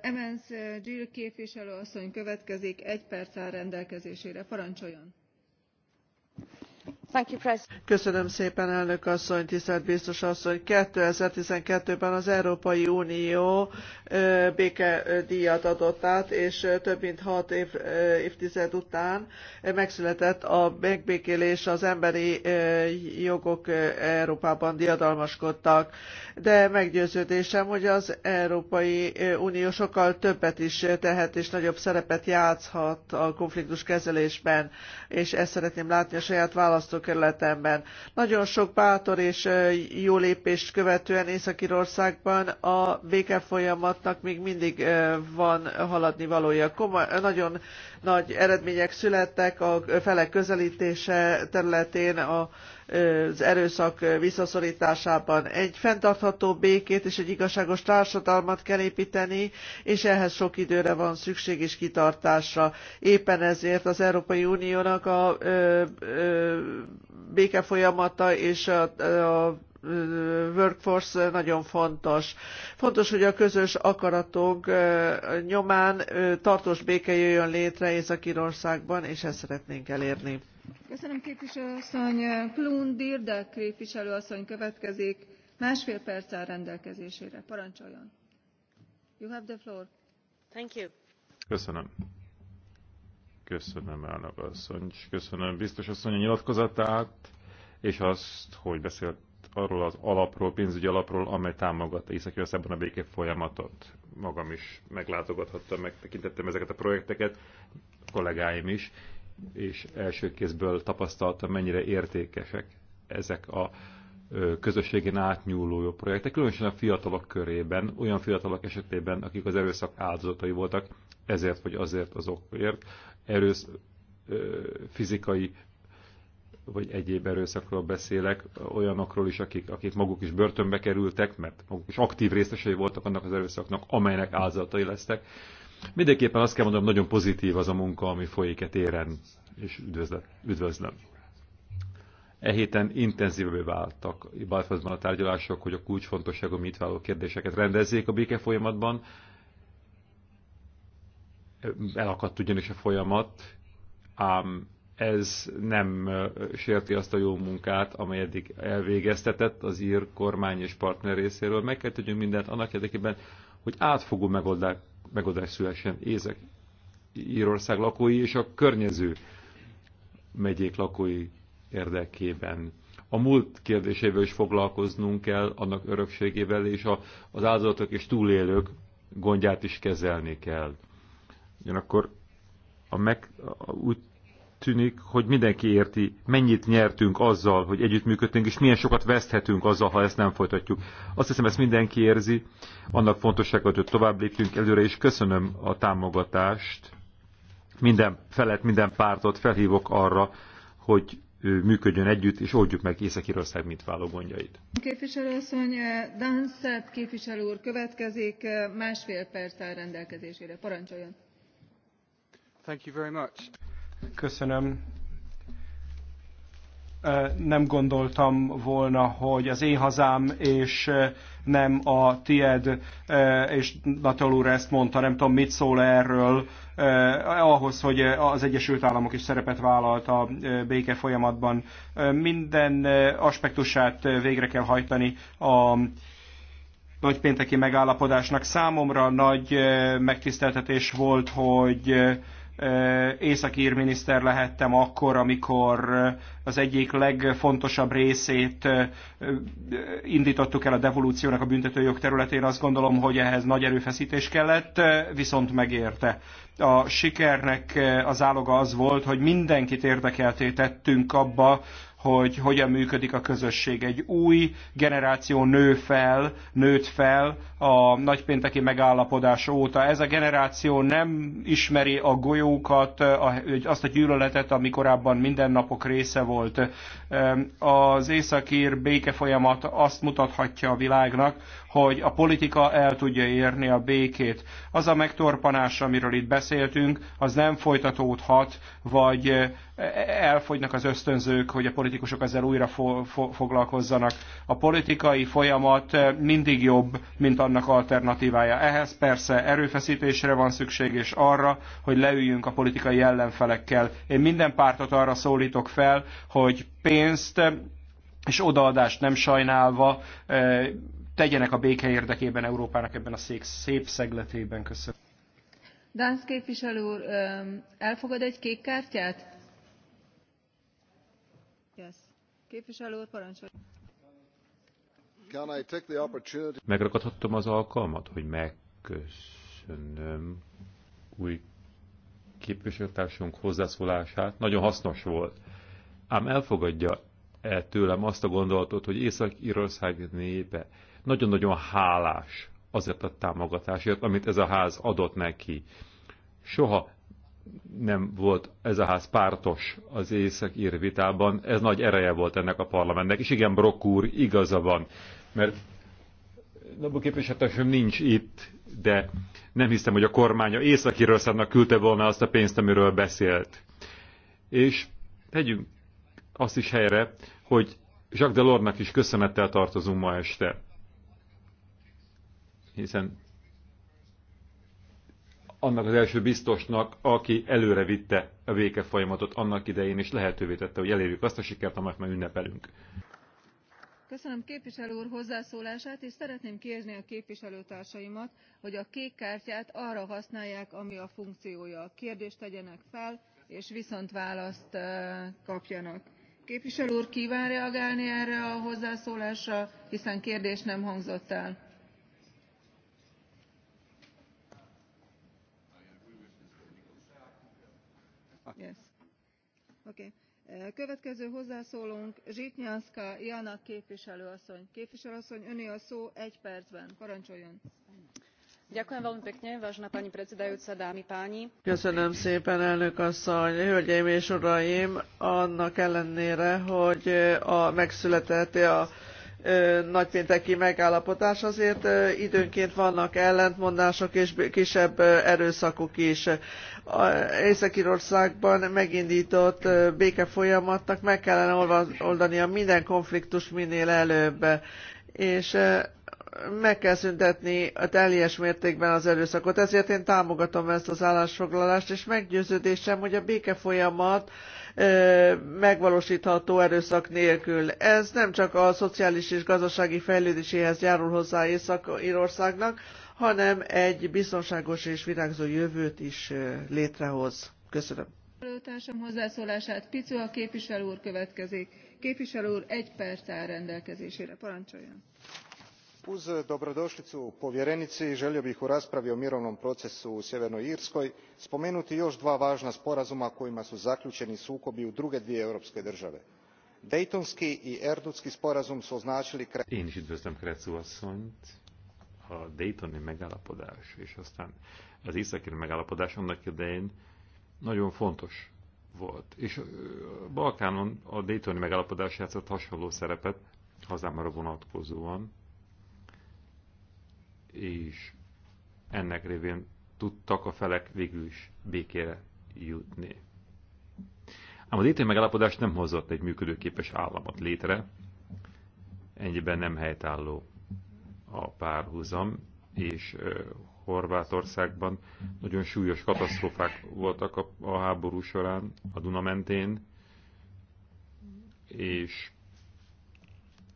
Evans Jill képviselő asszony következik, egy perc áll rendelkezésére. Parancsoljon! Köszönöm szépen, elnök asszony, tisztelt biztos asszony. 2012-ben az Európai Unió békedjat adott át, és több mint hat évtized után megszületett a megbékélés, az emberi jogok Európában diadalmaskodtak. De meggyőződésem, hogy az Európai Unió sokkal többet is tehet, és nagyobb szerepet játszhat a konfliktus kezelésben, és ezt szeretném látni a saját választóimon választókerületemben. Nagyon sok bátor és jó lépést követően Észak-Írországban a folyamatnak még mindig van haladni valója. nagyon nagy eredmények születtek a felek közelítése területén, a az erőszak visszaszorításában. Egy fenntartható békét és egy igazságos társadalmat kell építeni, és ehhez sok időre van szükség és kitartásra. Éppen ezért az Európai Uniónak a ö, ö, béke folyamata és a, a workforce nagyon fontos. Fontos, hogy a közös akaratok nyomán tartós béke jöjjön létre Észak-Írországban, és ezt szeretnénk elérni. Köszönöm képviselő asszony. Plum Birde képviselő asszony következik. Másfél perc áll rendelkezésére. Parancsoljon. You have the floor. Thank you. Köszönöm. Köszönöm, elnök asszony, köszönöm biztos asszony a nyilatkozatát, és azt, hogy beszélt arról az alapról, pénzügyi alapról, amely támogatta északi országban a béké folyamatot. Magam is meglátogathattam, megtekintettem ezeket a projekteket, kollégáim is, és első kézből tapasztaltam, mennyire értékesek ezek a közösségén átnyúló projektek, különösen a fiatalok körében, olyan fiatalok esetében, akik az erőszak áldozatai voltak, ezért vagy azért az okért, erősz, fizikai vagy egyéb erőszakról beszélek, olyanokról is, akik, akik maguk is börtönbe kerültek, mert maguk is aktív részesei voltak annak az erőszaknak, amelynek áldozatai lesztek. Mindenképpen azt kell mondanom, nagyon pozitív az a munka, ami folyik e téren, és üdvözlöm. üdvözlöm. E héten intenzívebbé váltak Balfazban a tárgyalások, hogy a kulcsfontosságú mitváló kérdéseket rendezzék a béke folyamatban. Elakadt ugyanis a folyamat, ám ez nem sérti azt a jó munkát, amely eddig elvégeztetett az ír kormány és partner részéről. Meg kell tegyünk mindent annak érdekében, hogy átfogó megoldást megoldás szülessen Ézek Írország lakói és a környező megyék lakói érdekében. A múlt kérdésével is foglalkoznunk kell, annak örökségével, és a, az áldozatok és túlélők gondját is kezelni kell. Ugyanakkor a meg, a, úgy tűnik, hogy mindenki érti, mennyit nyertünk azzal, hogy együttműködtünk, és milyen sokat veszthetünk azzal, ha ezt nem folytatjuk. Azt hiszem, ezt mindenki érzi. Annak fontossága, hogy tovább lépjünk előre, és köszönöm a támogatást. Minden felett, minden pártot felhívok arra, hogy működjön együtt, és oldjuk meg Észak-Írország mint váló gondjait. Képviselőasszony, Danszett képviselő úr következik, másfél perc áll rendelkezésére. Parancsoljon! Thank you very much. Köszönöm. Nem gondoltam volna, hogy az én hazám és nem a tied, és Natal úr ezt mondta, nem tudom mit szól erről, ahhoz, hogy az Egyesült Államok is szerepet vállalt a béke folyamatban. Minden aspektusát végre kell hajtani a nagypénteki megállapodásnak. Számomra nagy megtiszteltetés volt, hogy északír miniszter lehettem akkor, amikor az egyik legfontosabb részét indítottuk el a devolúciónak a büntetőjog területén. Azt gondolom, hogy ehhez nagy erőfeszítés kellett, viszont megérte. A sikernek az áloga az volt, hogy mindenkit érdekelté tettünk abba, hogy hogyan működik a közösség. Egy új generáció nő fel, nőtt fel a nagypénteki megállapodás óta. Ez a generáció nem ismeri a golyókat, azt a gyűlöletet, ami korábban mindennapok része volt. Az északír békefolyamat azt mutathatja a világnak, hogy a politika el tudja érni a békét. Az a megtorpanás, amiről itt beszéltünk, az nem folytatódhat, vagy elfogynak az ösztönzők, hogy a politikusok ezzel újra fo fo foglalkozzanak. A politikai folyamat eh, mindig jobb, mint annak alternatívája. Ehhez persze erőfeszítésre van szükség, és arra, hogy leüljünk a politikai ellenfelekkel. Én minden pártot arra szólítok fel, hogy pénzt eh, és odaadást nem sajnálva eh, tegyenek a béke érdekében Európának ebben a szék, szép szegletében. Köszönöm. Dánsz képviselő úr, elfogad egy kék kártyát? Megragadhatom Megragadhattam az alkalmat, hogy megköszönöm új képviselőtársunk hozzászólását. Nagyon hasznos volt. Ám elfogadja -e tőlem azt a gondolatot, hogy Észak-Írország népe nagyon-nagyon hálás azért a támogatásért, amit ez a ház adott neki. Soha nem volt ez a ház pártos az észak-ír vitában, ez nagy ereje volt ennek a parlamentnek, és igen, Brock úr igaza van, mert Nabu képviselőtársam nincs itt, de nem hiszem, hogy a kormánya Észak-Írországnak küldte volna azt a pénzt, amiről beszélt. És tegyünk azt is helyre, hogy Jacques Delornak is köszönettel tartozunk ma este. Hiszen annak az első biztosnak, aki előre vitte a véke folyamatot annak idején, és lehetővé tette, hogy elérjük azt a sikert, amit már ünnepelünk. Köszönöm képviselő úr hozzászólását, és szeretném kérni a képviselőtársaimat, hogy a kék kártyát arra használják, ami a funkciója. Kérdést tegyenek fel, és viszont választ kapjanak. Képviselő úr kíván reagálni erre a hozzászólásra, hiszen kérdés nem hangzott el. következő hozzászólónk zsitnyanszka jana képviselő asszony. képviselő asszony öné a szó egy percben parancsoljon! pekne pani páni köszönöm szépen elnök asszony hölgyeim és uraim! annak ellenére hogy eh, a megszületett eh, a nagypénteki megállapodás, azért időnként vannak ellentmondások és kisebb erőszakok is. Észak-Írországban megindított békefolyamatnak meg kellene oldania minden konfliktus minél előbb, és meg kell szüntetni a teljes mértékben az erőszakot. Ezért én támogatom ezt az állásfoglalást, és meggyőződésem, hogy a békefolyamat folyamat megvalósítható erőszak nélkül. Ez nem csak a szociális és gazdasági fejlődéséhez járul hozzá Észak-Írországnak, hanem egy biztonságos és virágzó jövőt is létrehoz. Köszönöm. Köszönöm hozzászólását Picu a képviselő úr következik. Képviselő úr egy perc áll rendelkezésére. Parancsoljon! uz dobrodolicu povjerenici elio bih u raspravi o mirovnom procesu u sjevernoj irskoj spomenuti jo dva vana sporazuma kojima su zakljueni sukobi u druge dvije europske drave. daytonski i erdutski sporazum su oznaili én is üdvözlöm creu asszonyt a daytoni megállapodás és aztán az északi megállapodás annak idején nagyon fontos volt. És a Balkánon a Daytoni megállapodás játszott hasonló szerepet hazámra vonatkozóan, és ennek révén tudtak a felek végül is békére jutni. Ám a ítélő megállapodás nem hozott egy működőképes államot létre, ennyiben nem helytálló a párhuzam, és Horvátországban nagyon súlyos katasztrófák voltak a, a háború során, a Duna mentén, és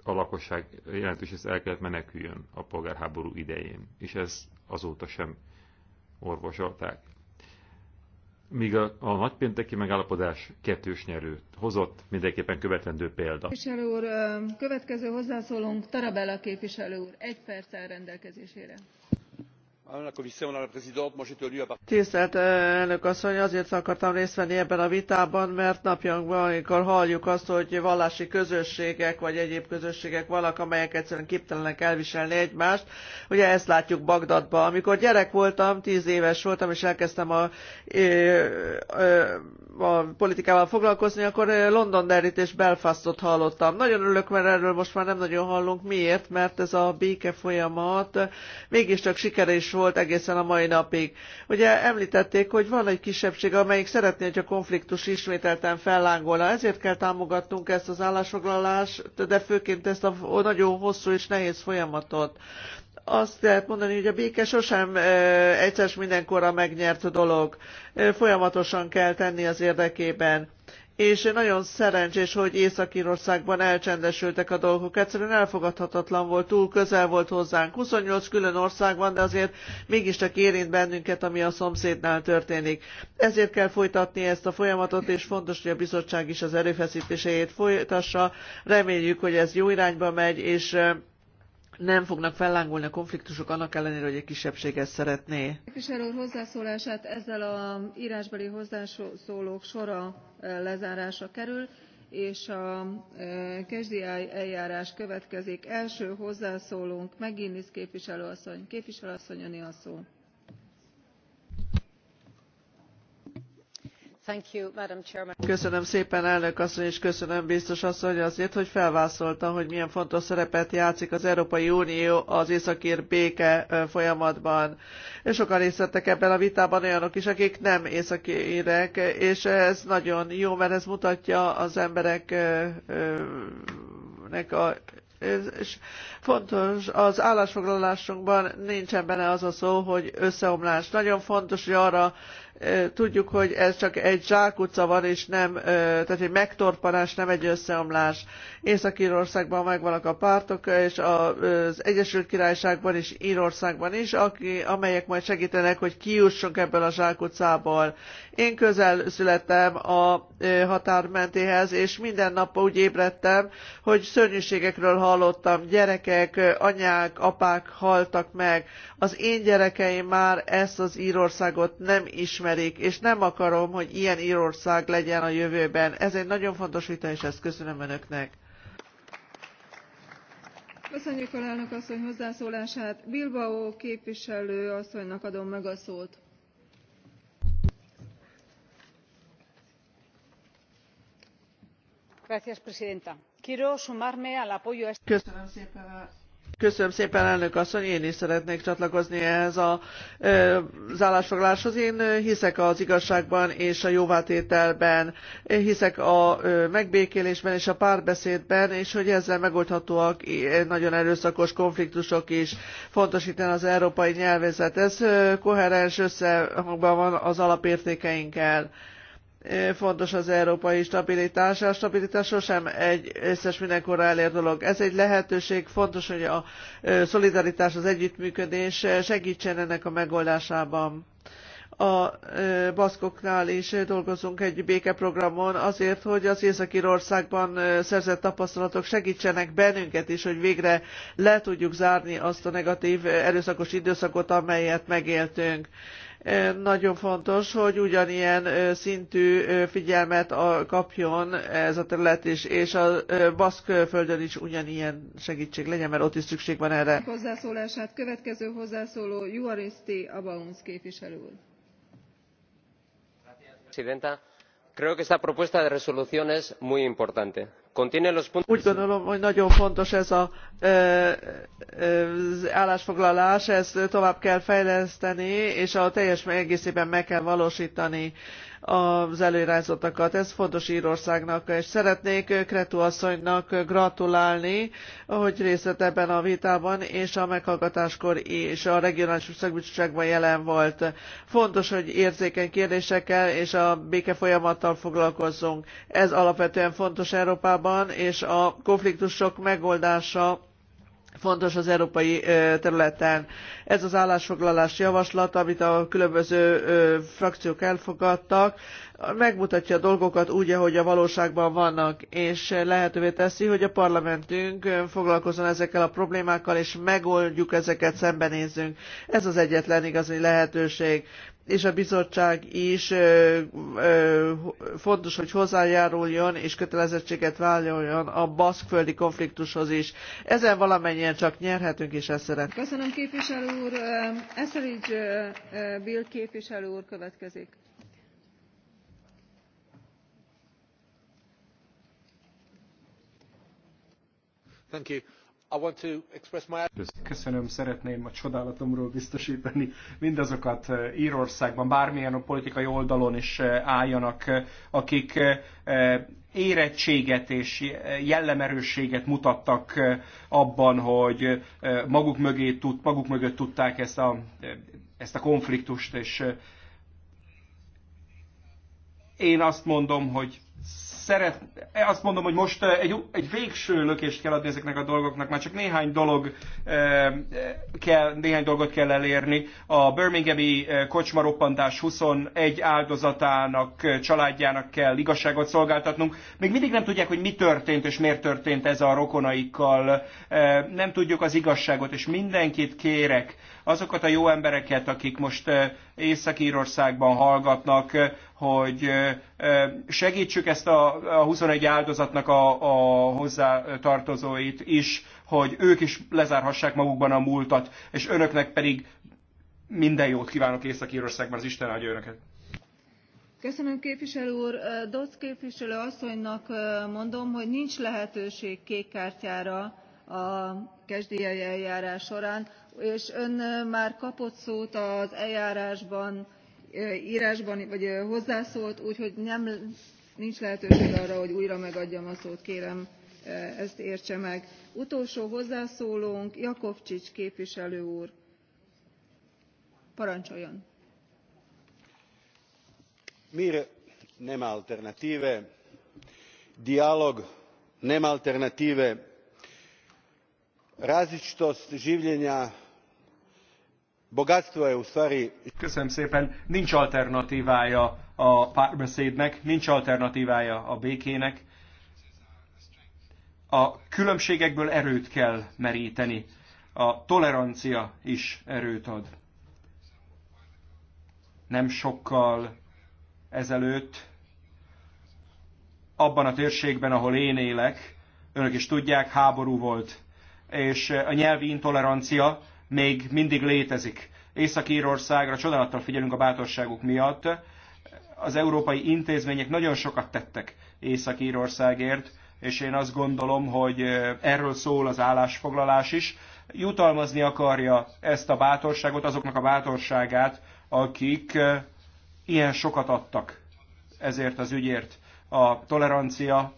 a lakosság jelentős része el kellett meneküljön a polgárháború idején, és ez azóta sem orvosolták. Míg a, a nagypénteki megállapodás kettős nyerőt hozott, mindenképpen követendő példa. Képviselő úr, következő hozzászólunk, Tarabella képviselő úr, egy perc rendelkezésére. Tisztelt elnök asszony, azért akartam részt venni ebben a vitában, mert napjainkban, amikor halljuk azt, hogy vallási közösségek vagy egyéb közösségek vannak, amelyek egyszerűen képtelenek elviselni egymást, ugye ezt látjuk Bagdadban. Amikor gyerek voltam, tíz éves voltam, és elkezdtem a, a politikával foglalkozni, akkor londonderryt és Belfastot hallottam. Nagyon örülök, mert erről most már nem nagyon hallunk. Miért? Mert ez a béke folyamat mégiscsak sikerés volt, volt egészen a mai napig. Ugye említették, hogy van egy kisebbség, amelyik szeretné, hogy a konfliktus ismételten fellángolna. Ezért kell támogatnunk ezt az állásfoglalást, de főként ezt a nagyon hosszú és nehéz folyamatot azt lehet mondani, hogy a béke sosem egyszer mindenkorra megnyert dolog. Folyamatosan kell tenni az érdekében és nagyon szerencsés, hogy Észak-Írországban elcsendesültek a dolgok. Egyszerűen elfogadhatatlan volt, túl közel volt hozzánk. 28 külön ország van, de azért mégiscsak érint bennünket, ami a szomszédnál történik. Ezért kell folytatni ezt a folyamatot, és fontos, hogy a bizottság is az erőfeszítéseit folytassa. Reméljük, hogy ez jó irányba megy, és nem fognak fellángolni a konfliktusok annak ellenére, hogy egy kisebbség ezt szeretné. Képviselő úr hozzászólását ezzel a írásbeli hozzászólók sora lezárása kerül, és a KSDI eljárás következik. Első hozzászólónk McGuinness képviselőasszony. Képviselőasszony, öné a szó. Köszönöm szépen, elnök asszony, és köszönöm biztos asszony azért, hogy felvázolta hogy milyen fontos szerepet játszik az Európai Unió az északír béke folyamatban. Sokan részt vettek ebben a vitában olyanok is, akik nem északírek, és ez nagyon jó, mert ez mutatja az embereknek a és fontos, az állásfoglalásunkban nincsen benne az a szó, hogy összeomlás. Nagyon fontos, hogy arra tudjuk, hogy ez csak egy zsákutca van, és nem, tehát egy megtorpanás, nem egy összeomlás. Észak-Írországban megvannak a pártok, és az Egyesült Királyságban és Írországban is, amelyek majd segítenek, hogy kiussunk ebből a zsákutcából. Én közel születtem a mentéhez, és minden nap úgy ébredtem, hogy szörnyűségekről hallottam. Gyerekek, anyák, apák haltak meg. Az én gyerekeim már ezt az Írországot nem ismerik ismerik, és nem akarom, hogy ilyen Írország legyen a jövőben. Ez egy nagyon fontos vita, és ezt köszönöm Önöknek. Köszönjük a elnök asszony hozzászólását. Bilbao képviselő asszonynak adom meg a szót. Köszönöm szépen a Köszönöm szépen, elnök asszony, én is szeretnék csatlakozni ehhez a, az állásfoglaláshoz. Én hiszek az igazságban és a jóvátételben, én hiszek a megbékélésben és a párbeszédben, és hogy ezzel megoldhatóak nagyon erőszakos konfliktusok is. Fontos itt az európai nyelvezet. Ez koherens összehangban van az alapértékeinkkel fontos az európai stabilitás. A stabilitás sosem egy összes mindenkorra elér dolog. Ez egy lehetőség, fontos, hogy a szolidaritás, az együttműködés segítsen ennek a megoldásában. A baszkoknál is dolgozunk egy békeprogramon azért, hogy az északi országban szerzett tapasztalatok segítsenek bennünket is, hogy végre le tudjuk zárni azt a negatív erőszakos időszakot, amelyet megéltünk nagyon fontos, hogy ugyanilyen szintű figyelmet kapjon ez a terület is, és a Baszk földön is ugyanilyen segítség legyen, mert ott is szükség van erre. Hozzászólását következő hozzászóló Juaristi Abaunz képviselő úr. Presidenta, creo que esta propuesta de resolución es muy importante. Contiene los puntos... Úgy gondolom, hogy nagyon fontos ez a állásfoglalás, ezt tovább kell fejleszteni, és a teljes egészében meg kell valósítani az előirányzottakat. Ez fontos Írországnak, és szeretnék Kretu asszonynak gratulálni, hogy részt vett ebben a vitában, és a meghallgatáskor is a regionális szakbizottságban jelen volt. Fontos, hogy érzékeny kérdésekkel és a béke folyamattal foglalkozzunk. Ez alapvetően fontos Európában, és a konfliktusok megoldása fontos az európai területen. Ez az állásfoglalás javaslat, amit a különböző frakciók elfogadtak, megmutatja a dolgokat úgy, ahogy a valóságban vannak, és lehetővé teszi, hogy a parlamentünk foglalkozzon ezekkel a problémákkal, és megoldjuk ezeket, szembenézzünk. Ez az egyetlen igazi lehetőség és a bizottság is ö, ö, fontos, hogy hozzájáruljon és kötelezettséget vállaljon a baszkföldi konfliktushoz is. Ezen valamennyien csak nyerhetünk, és ezt szeretném. Köszönöm képviselő úr. Eszerics Bill képviselő úr következik. Thank you. Köszönöm, szeretném a csodálatomról biztosítani mindazokat eh, Írországban, bármilyen a politikai oldalon is eh, álljanak, eh, akik érettséget és jellemerősséget mutattak abban, hogy maguk, mögé, maguk mögött tudták ezt a, ezt a konfliktust, és én azt mondom, hogy szeret, azt mondom, hogy most eh, egy, egy végső lökést kell adni ezeknek a dolgoknak, már csak néhány dolog eh, kell, néhány dolgot kell elérni. A Birminghami eh, kocsmaroppantás 21 áldozatának, családjának kell igazságot szolgáltatnunk. Még mindig nem tudják, hogy mi történt és miért történt ez a rokonaikkal. Nem tudjuk az igazságot, és mindenkit kérek, azokat a jó embereket, akik most Észak-Írországban hallgatnak, hogy segítsük ezt a, a 21 áldozatnak a, a hozzátartozóit is, hogy ők is lezárhassák magukban a múltat, és önöknek pedig minden jót kívánok Észak-Írországban, az Isten adja önöket. Köszönöm képviselő úr. Dosz képviselő asszonynak mondom, hogy nincs lehetőség kékkártyára a kezdélyei eljárás során, és ön már kapott szót az eljárásban rásban vagy hozzászólt úgyhogy nem, nincs lehetőség arra hogy újra megadjam a szót kérem ezt értse meg. utolsó hozzászólónk jakovcsi képviselő úr parancsoljon! mir nem alternative dijalog nem alternative različitost življenja bogatstvo je ustvari... Köszönöm szépen, nincs alternatívája a párbeszédnek, nincs alternatívája a békének. A különbségekből erőt kell meríteni. A tolerancia is erőt ad. Nem sokkal ezelőtt abban a térségben, ahol én élek, önök is tudják, háború volt. És a nyelvi intolerancia még mindig létezik. Észak-Írországra csodálattal figyelünk a bátorságuk miatt. Az európai intézmények nagyon sokat tettek Észak-Írországért, és én azt gondolom, hogy erről szól az állásfoglalás is. Jutalmazni akarja ezt a bátorságot, azoknak a bátorságát, akik ilyen sokat adtak ezért az ügyért. A tolerancia,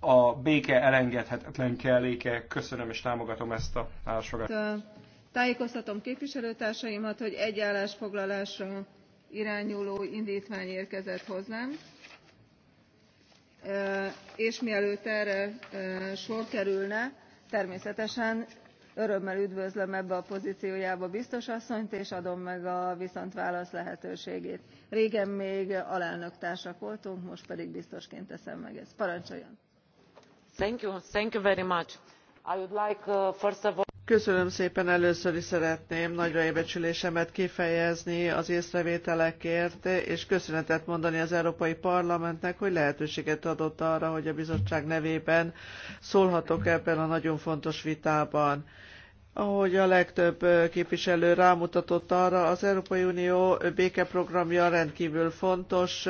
a béke elengedhetetlen kelléke. Köszönöm és támogatom ezt a állásfoglalást tájékoztatom képviselőtársaimat hogy egy állásfoglalásra irányuló indtvány érkezett hozzám és mielőtt erre sor kerülne természetesen örömmel üdvözlöm ebbe a pozciójába biztos asszonyt és adom meg a viszontválasz lehetőségét. régen még alelnöktársak voltunk most pedig biztosként teszem meg ezt. parancsoljon! Thank you. Thank you very much. i would like uh, first of all Köszönöm szépen, először is szeretném nagyra becsülésemet kifejezni az észrevételekért, és köszönetet mondani az Európai Parlamentnek, hogy lehetőséget adott arra, hogy a bizottság nevében szólhatok ebben a nagyon fontos vitában. Ahogy a legtöbb képviselő rámutatott arra, az Európai Unió békeprogramja rendkívül fontos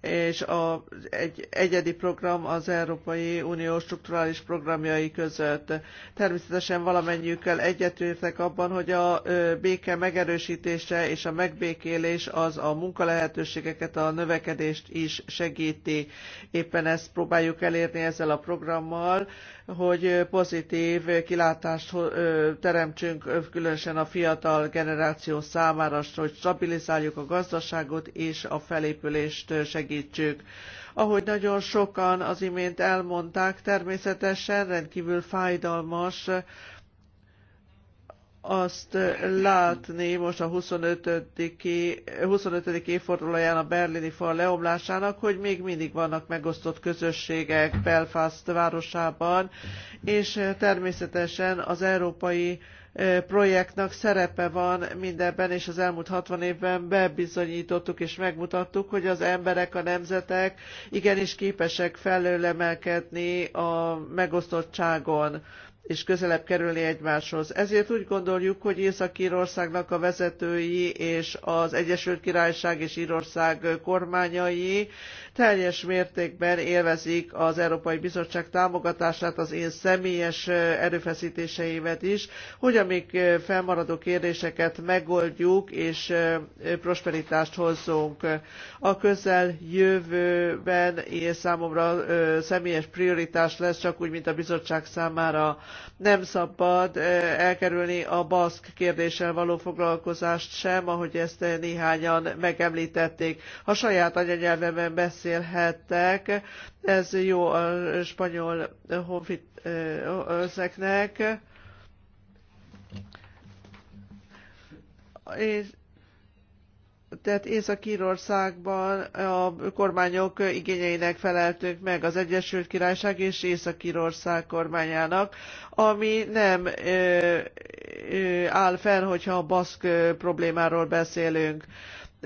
és a, egy egyedi program az Európai Unió strukturális programjai között. Természetesen valamennyiükkel egyetértek abban, hogy a béke megerősítése és a megbékélés az a munkalehetőségeket, a növekedést is segíti. Éppen ezt próbáljuk elérni ezzel a programmal, hogy pozitív kilátást teremtsünk különösen a fiatal generáció számára, hogy stabilizáljuk a gazdaságot és a felépülést segítjük segítsük. Ahogy nagyon sokan az imént elmondták, természetesen rendkívül fájdalmas azt látni most a 25. 25. évfordulóján a berlini fal leomlásának, hogy még mindig vannak megosztott közösségek Belfast városában, és természetesen az európai projektnak szerepe van mindebben, és az elmúlt 60 évben bebizonyítottuk és megmutattuk, hogy az emberek, a nemzetek igenis képesek felőlemelkedni a megosztottságon és közelebb kerülni egymáshoz. Ezért úgy gondoljuk, hogy Észak-Írországnak a vezetői és az Egyesült Királyság és Írország kormányai teljes mértékben élvezik az Európai Bizottság támogatását, az én személyes erőfeszítéseimet is, hogy amik felmaradó kérdéseket megoldjuk és prosperitást hozzunk. A közel jövőben és számomra személyes prioritás lesz, csak úgy, mint a bizottság számára nem szabad elkerülni a baszk kérdéssel való foglalkozást sem, ahogy ezt néhányan megemlítették. Ha saját anyanyelvemen beszél, beszélhettek. Ez jó a spanyol honfit ezeknek. És tehát Észak-Írországban a kormányok igényeinek feleltünk meg az Egyesült Királyság és Észak-Írország kormányának, ami nem ö, ö, áll fenn, hogyha a baszk problémáról beszélünk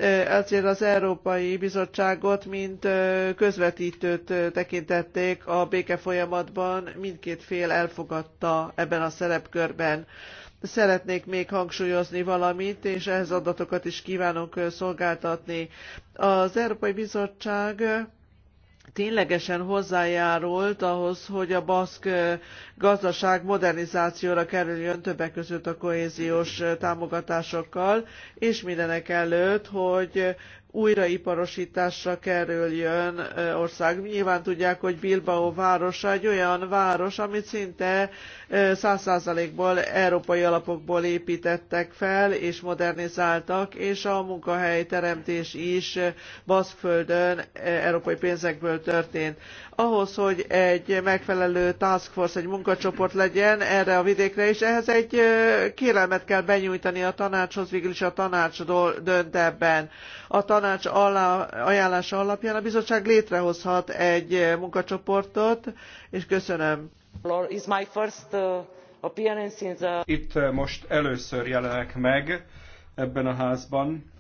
ezért az Európai Bizottságot, mint közvetítőt tekintették a békefolyamatban, mindkét fél elfogadta ebben a szerepkörben. Szeretnék még hangsúlyozni valamit, és ehhez adatokat is kívánok szolgáltatni. Az Európai Bizottság ténylegesen hozzájárult ahhoz, hogy a baszk gazdaság modernizációra kerüljön többek között a kohéziós támogatásokkal, és mindenek előtt, hogy újraiparosításra kerüljön ország. Nyilván tudják, hogy Bilbao városa egy olyan város, amit szinte 100%-ból európai alapokból építettek fel és modernizáltak, és a munkahelyteremtés is Baszkföldön európai pénzekből történt. Ahhoz, hogy egy megfelelő task force, egy munka munkacsoport legyen erre a vidékre, és ehhez egy kérelmet kell benyújtani a tanácshoz, végül is a tanács dönt ebben. A tanács alá, ajánlása alapján a bizottság létrehozhat egy munkacsoportot, és köszönöm. Itt most először jelenek meg ebben a házban.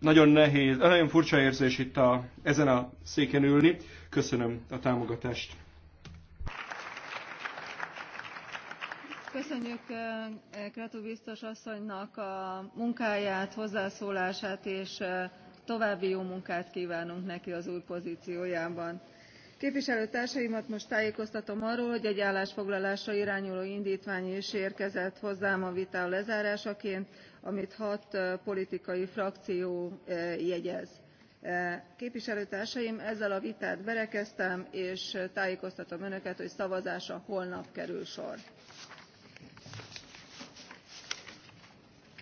Nagyon nehéz, nagyon furcsa érzés itt a, ezen a széken ülni. Köszönöm a támogatást. köszönjük creu biztos asszonynak a munkáját hozzászólását és további jó munkát kvánunk neki az új pozciójában. képviselőtársaimat most tájékoztatom arról hogy egy állásfoglalásra irányuló indtvány is érkezett hozzám a vita lezárásaként amit hat politikai frakció jegyez. képviselőtársaim ezzel a vitát berekeztem és tájékoztatom önöket hogy szavazásra holnap kerül sor.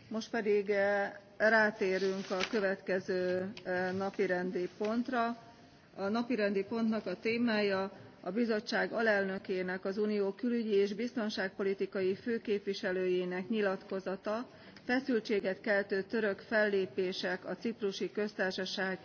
most pedig eh, rátérünk a következő eh, napirendi pontra a napirendi pontnak a témája a bizottság alelnökének az unió külügyi és biztonságpolitikai főképviselőjének nyilatkozata feszültséget keltő török fellépések a ciprusi köztársaság